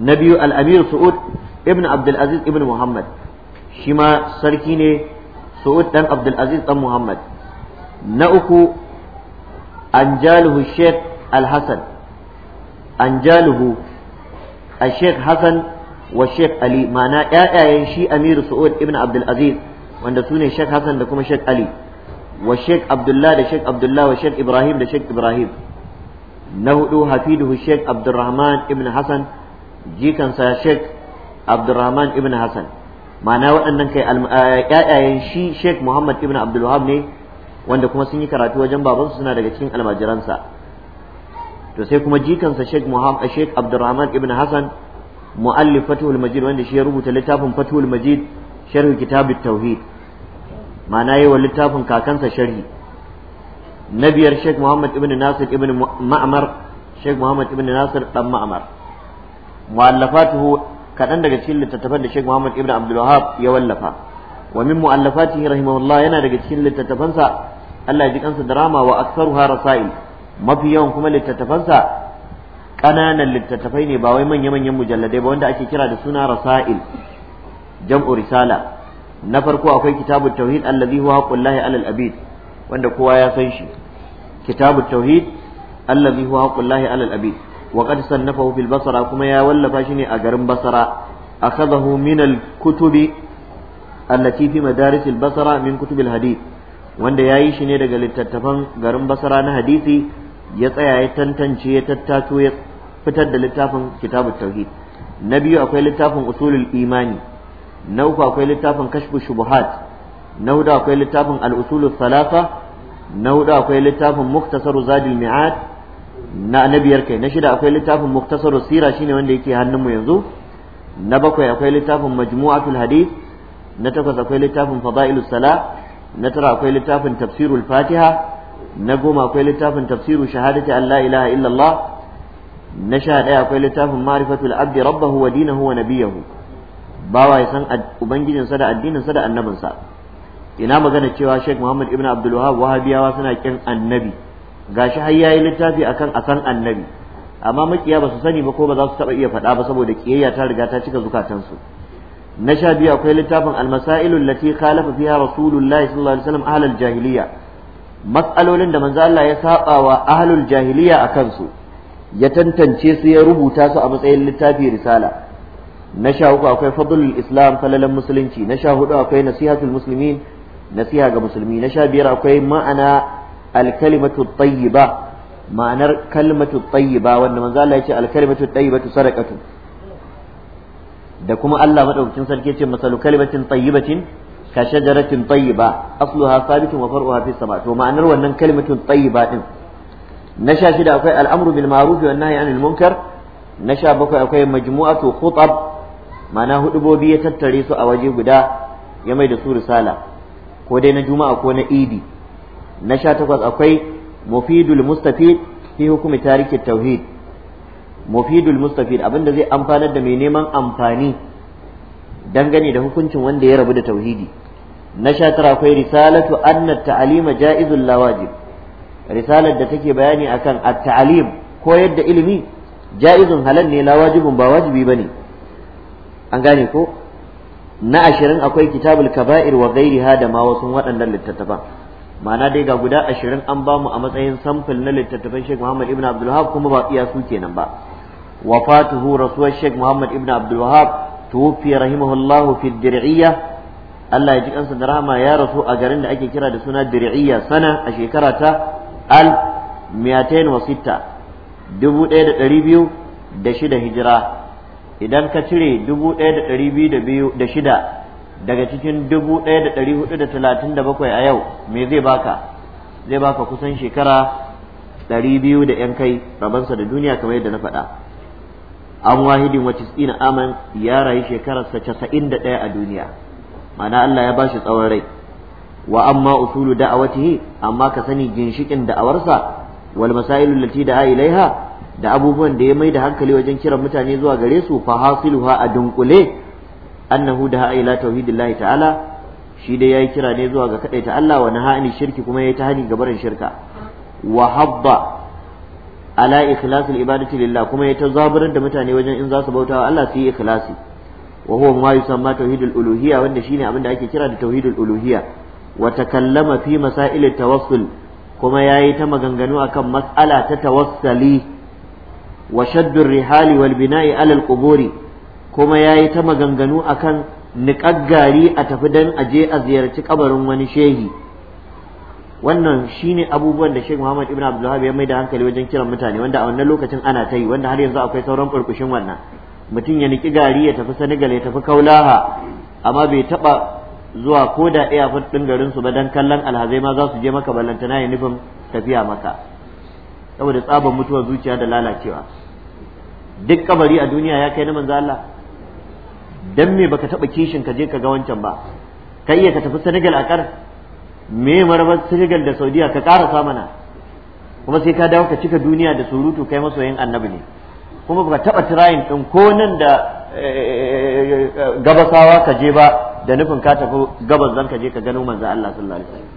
na biyu al'amir amir su'ud ibn abdul ibn muhammad shi ma sarki ne su'ud dan abdul aziz dan muhammad na uku An jaluhu sheikh al an jaluhu a sheikh Hassan wa sheikh ali ma'ana ƴaƴayen shi amiru su'ud ibn abdul aziz wanda sune sheikh Hassan da kuma sheikh ali wa sheikh abdullah da sheikh abdullah wa sheikh ibrahim da sheikh ibrahim na hudu hafiduhu sheikh Abdulrahman ibn Hassan jikansa sheikh Abdulrahman ibn Hassan ma'ana waɗannan kai ƴaƴayen shi sheikh muhammad ibn abdul ne wanda kuma sun yi karatu wajen babansu suna daga cikin almajiransa to sai kuma jikansa Sheikh Muhammad eh, Sheikh Abdurrahman ibn Hassan muallif Fathul Majid wanda shi ya rubuta littafin Fathul Majid sharhi kitabit tauhid ma'ana yayi wa littafin kakansa sharhi na biyar Sheikh Muhammad ibn Nasir ibn Ma'mar Sheikh Muhammad ibn Nasir dan Ma'mar muallafatuhu kadan daga cikin littattafan da Sheikh Muhammad ibn Abdul Wahhab ya wallafa wa min muallafatihi rahimahullah yana daga cikin littattafansa Allah ya ji kansa da rama wa aktsaruha rasail mafi yawan kuma littattafansa ƙananan littattafai ne ba wai manya-manyan mujalladai ba wanda ake kira da suna rasail jam'u risala na farko akwai kitabu tauhid allazi huwa haqqullahi alal abid wanda kowa ya san shi kitabu tauhid allazi huwa haqqullahi alal abid wa qad sannafahu fil basra kuma ya wallafa shi ne a garin basra akhadahu min al kutubi allati fi madaris al basra min kutubil hadith wanda ya yi shi ne daga littattafan garin basara na hadisi ya tsaya ya tantance ya tattato ya fitar da littafin kitabut tauhid na biyu akwai littafin usulul imani na uku akwai littafin kashfu shubuhat na hudu akwai littafin al salafa na hudu akwai littafin muktasaru zadil mi'ad na na biyar kai na shida akwai littafin muktasaru sira shine wanda yake hannunmu yanzu na bakwai akwai littafin majmu'atul hadith na takwas akwai littafin fada'ilus sala na tara akwai littafin tafsirul fatiha na goma akwai littafin tafsiru shahadati an la ilaha illallah na sha ɗaya akwai littafin ma'rifatul abdi rabbahu wa dinahu wa nabiyahu bawa ya san ubangijinsa da addininsa da annabinsa ina magana cewa Sheikh Muhammad Ibn Abdul Wahab Wahabiyawa suna kin annabi gashi har yayi littafi akan asan annabi amma makiya ba su sani ba ko ba za su taba iya faɗa ba saboda kiyayya ta riga ta cika zukatansu su na sha biyu akwai littafin almasa lati khalafa fiha rasulullahi sallallahu alaihi wasallam ahlul jahiliya matsalolin da manzo Allah ya saba wa ahlul jahiliya a kansu ya tantance su ya rubuta su a matsayin littafi risala na sha uku akwai fadlul islam falalan musulunci na sha hudu akwai nasihatul muslimin nasiha ga musulmi na sha biyar akwai ma'ana alkalimatu tayyiba ma'anar kalmatu tayyiba wanda manzo Allah ya ce alkalimatu tayyibatu sadaqatu da kuma Allah madaukakin sarki ce masalu kalimatin tayyibatin ka shajaratin tayyiba asluha sabitun wa far'uha fi sama to ma'anar wannan kalimatin tayyiba din na sha shida akwai al'amru bil ma'ruf wa nahyi anil munkar na sha bakwai akwai majmu'atu khutab ma'ana hudubobi ya tattare su a waje guda ya mai da su risala ko dai na juma'a ko na idi na sha takwas akwai mufidul mustafid fi hukumi tariki tauhid mufidul mustafid abinda zai amfanar da mai neman amfani dangane da hukuncin wanda ya rabu da tauhidi na sha tara akwai risalatu anna ta'alima ja'izul lawajib risalar da take bayani akan at-ta'alim koyar da ilimi ja'izun halal ne lawajibun ba wajibi bane an gane ko na ashirin akwai kitabul kaba'ir wa ghairiha da ma wasu waɗannan littattafan ma'ana dai ga guda ashirin an bamu a matsayin samfil na littattafan Sheikh Muhammad Ibn Abdul kuma ba iya su kenan ba وفاته رسول الشيخ محمد ابن عبد الوهاب توفي رحمه الله في الدرعية الله يجيك أنسى درهما يا رسول أجرين لأكي كرا لسنة درعية سنة أشيكرة ألف مئتين وستة دبو إيد ريبيو دشدة هجرة إذا كتري دبو إيد ريبيو دشدة daga cikin dubu ɗaya da ɗari hudu da talatin da bakwai a yau me zai baka zai baka kusan shekara ɗari biyu da ‘yan kai rabansa da duniya kamar yadda na faɗa an wahidin wa tis'ina aman ya rayu shekararsa casa'in da ɗaya a duniya mana Allah ya bashi tsawon rai wa amma usulu da'awatihi amma ka sani ginshikin da'awarsa wal masailu lati da'a ilaiha da abubuwan da ya mai da hankali wajen kiran mutane zuwa gare su fa hasiluha a dunkule annahu da ila tauhidillahi ta'ala shi dai yayi kira ne zuwa ga kadaita Allah wa nahani shirki kuma yayi ta hani ga barin shirka wa habba ala ikhlasul ibadati lillah kuma ya ta zaburar da mutane wajen in za su bauta wa Allah su yi ikhlasi wa huwa ma yusamma tauhidul uluhiyya wanda shine abin da ake kira da tauhidul uluhiyya wa takallama fi masail tawassul kuma yayi ta maganganu akan mas'ala ta tawassali wa shaddur rihali wal bina'i ala al quburi kuma yayi ta maganganu akan niƙaggari a tafi dan aje a ziyarci kabarin wani shehi wannan shi ne abubuwan da Sheikh Muhammad Ibn Abdullah ya mai da hankali wajen kiran mutane wanda a wannan lokacin ana ta yi wanda har yanzu akwai sauran furkushin wannan mutum ya niki gari ya tafi Senegal ya tafi Kaulaha amma bai taba zuwa ko da airport din garin su ba dan kallon alhazai ma za su je maka ballantana ya nufin tafiya maka saboda tsaban mutuwar zuciya da lalacewa duk kabari a duniya ya kai na manzo Allah dan me baka taba kishin ka je ka ga wancan ba kai ya ka tafi Senegal a kar me marabar Senegal da Saudiya ka karasa mana kuma sai ka dawo ka cika duniya da surutu kai masoyin annabi ne kuma ka taba tirayin din ko nan da eh, eh, eh, gabasawa ka je ba da nufin ka tafi gabas zan ka je ka gano manzo Allah sallallahu alaihi wasallam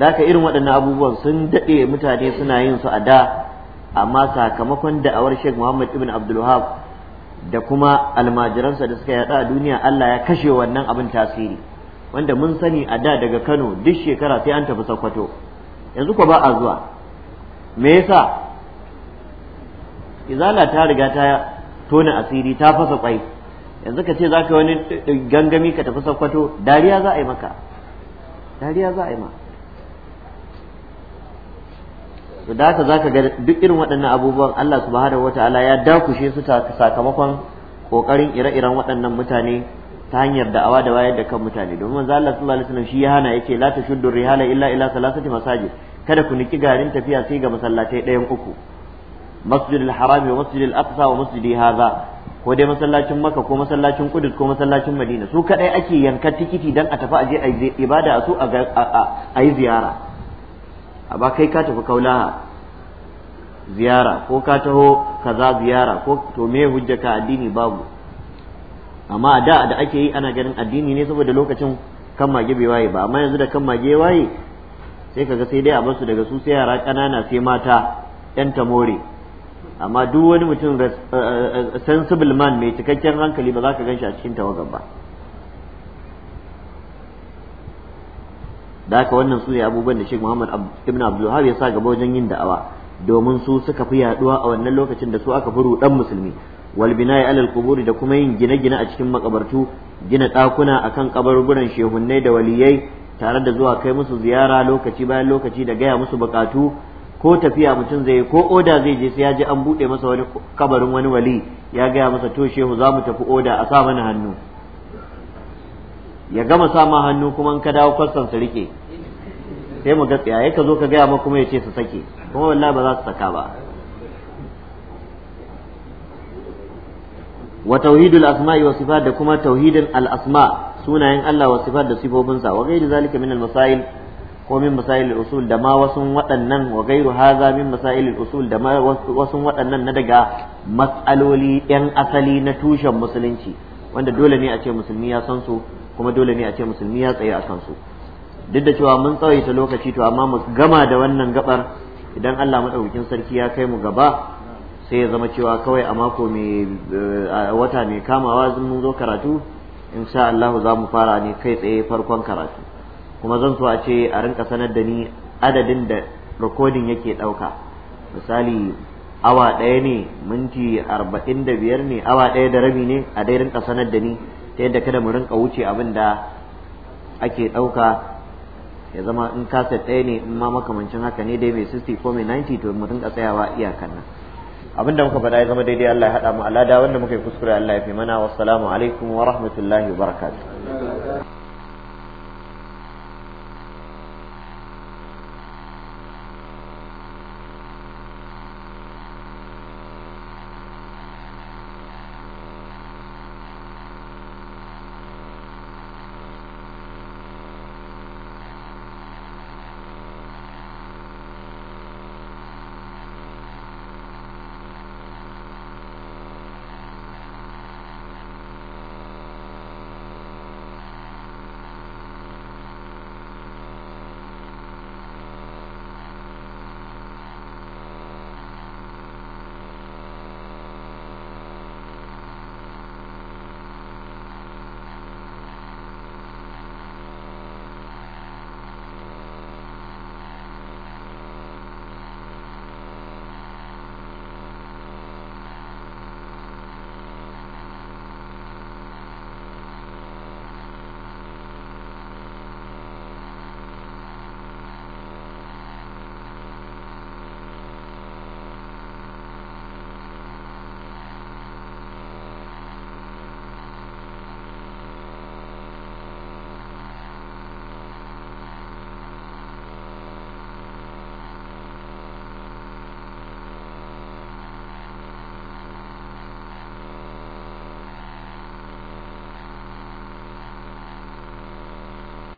da ka irin waɗannan abubuwan sun daɗe mutane suna yin su a da amma sakamakon da'awar Sheikh Muhammad ibn Abdul Wahab da kuma almajiransa da suka yada a duniya Allah ya kashe wannan abin tasiri wanda mun sani a da daga Kano duk shekara sai an tafi Sokoto yanzu ko ba a zuwa me yasa izala ta riga ta tona asiri ta fasa kwai yanzu ka ce za wani gangami ka tafi Sokoto dariya za a yi maka dariya za a yi maka su da haka zaka ga duk irin waɗannan abubuwan Allah subhanahu wataala ya dakushe su sakamakon kokarin ire-iren waɗannan mutane ta hanyar da'awa da wayar da kan mutane domin manzo Allah sallallahu alaihi wasallam shi ya hana yace la tashuddu rihala illa ila salasati masajid kada ku niki garin tafiya sai ga masallatai ɗayan uku masjidil harami wa masjidil aqsa wa masjidi hadha ko dai masallacin makka ko masallacin kudus ko masallacin madina su kadai ake yanka tikiti dan a tafi je ibada a su a yi ziyara ba kai ka tafi kaulaha ziyara ko ka taho kaza ziyara ko to me hujja ka addini babu amma a da da ake yi ana ganin addini ne saboda lokacin kan mage bai waye ba amma yanzu da kan mage waye sai kaga sai dai a basu daga su sai yara kanana sai mata yan tamore amma duk wani mutum eh, eh, sensible man mai cikakken hankali ba za ka gan shi a cikin tawagar ba da haka wannan su ne abubuwan da Sheikh Muhammad Ibn Abdul Wahhab ya sa gaba wajen yin da'awa domin su suka fi yaduwa a wannan lokacin da su aka furu dan musulmi wal bina'i alal qubur da kuma yin gine-gine a cikin makabartu gina dakuna akan kabarburan shehunnai da waliyai tare da zuwa kai musu ziyara lokaci bayan lokaci da gaya musu bukatu ko tafiya mutum zai yi ko oda zai je sai ya ji an buɗe masa wani kabarin wani wali ya gaya masa to shehu za mu tafi oda a sa mana hannu ya gama sa ma hannu kuma ka dawo kwastan su rike sai mu ga tsiyaye ka zo ka gaya ma kuma ya ce su sake kuma wallahi ba za su saka ba wa tauhidul asma'i wa sifat da kuma tauhidin al asma sunayen Allah wa sifat da sa wa ghairi zalika min al masail ko min masail usul da ma wasu waɗannan wa gairu haza min masail usul da ma wasu waɗannan na daga masaloli yan asali na tushen musulunci wanda dole ne a ce musulmi ya san su kuma dole ne a ce musulmi ya tsaye kan su duk da cewa mun tsawaita lokaci to amma mu gama da wannan gabar idan Allah madaukakin sarki ya kai mu gaba sai ya zama cewa kawai a mako mai eh, wata mai kamawa mun zo karatu insha Allah za mu fara ne kai tsaye farkon karatu kuma zan so a ce a rinka sanar da ni adadin da recording yake ɗauka misali awa ɗaya ne minti arba'in da biyar ne awa ɗaya da rabi ne a dai rinka sanar da ni ta yadda kada mu rinka wuce abin da ake ɗauka ya zama in kaset ɗaya ne in ma makamancin haka ne dai mai 60 ko mai 90 to mu rinka tsayawa iyakan nan abin da muka faɗa ya zama daidai Allah ya haɗa mu alada wanda muka yi kuskure Allah ya fi mana wassalamu alaikum wa rahmatullahi wa barakatuh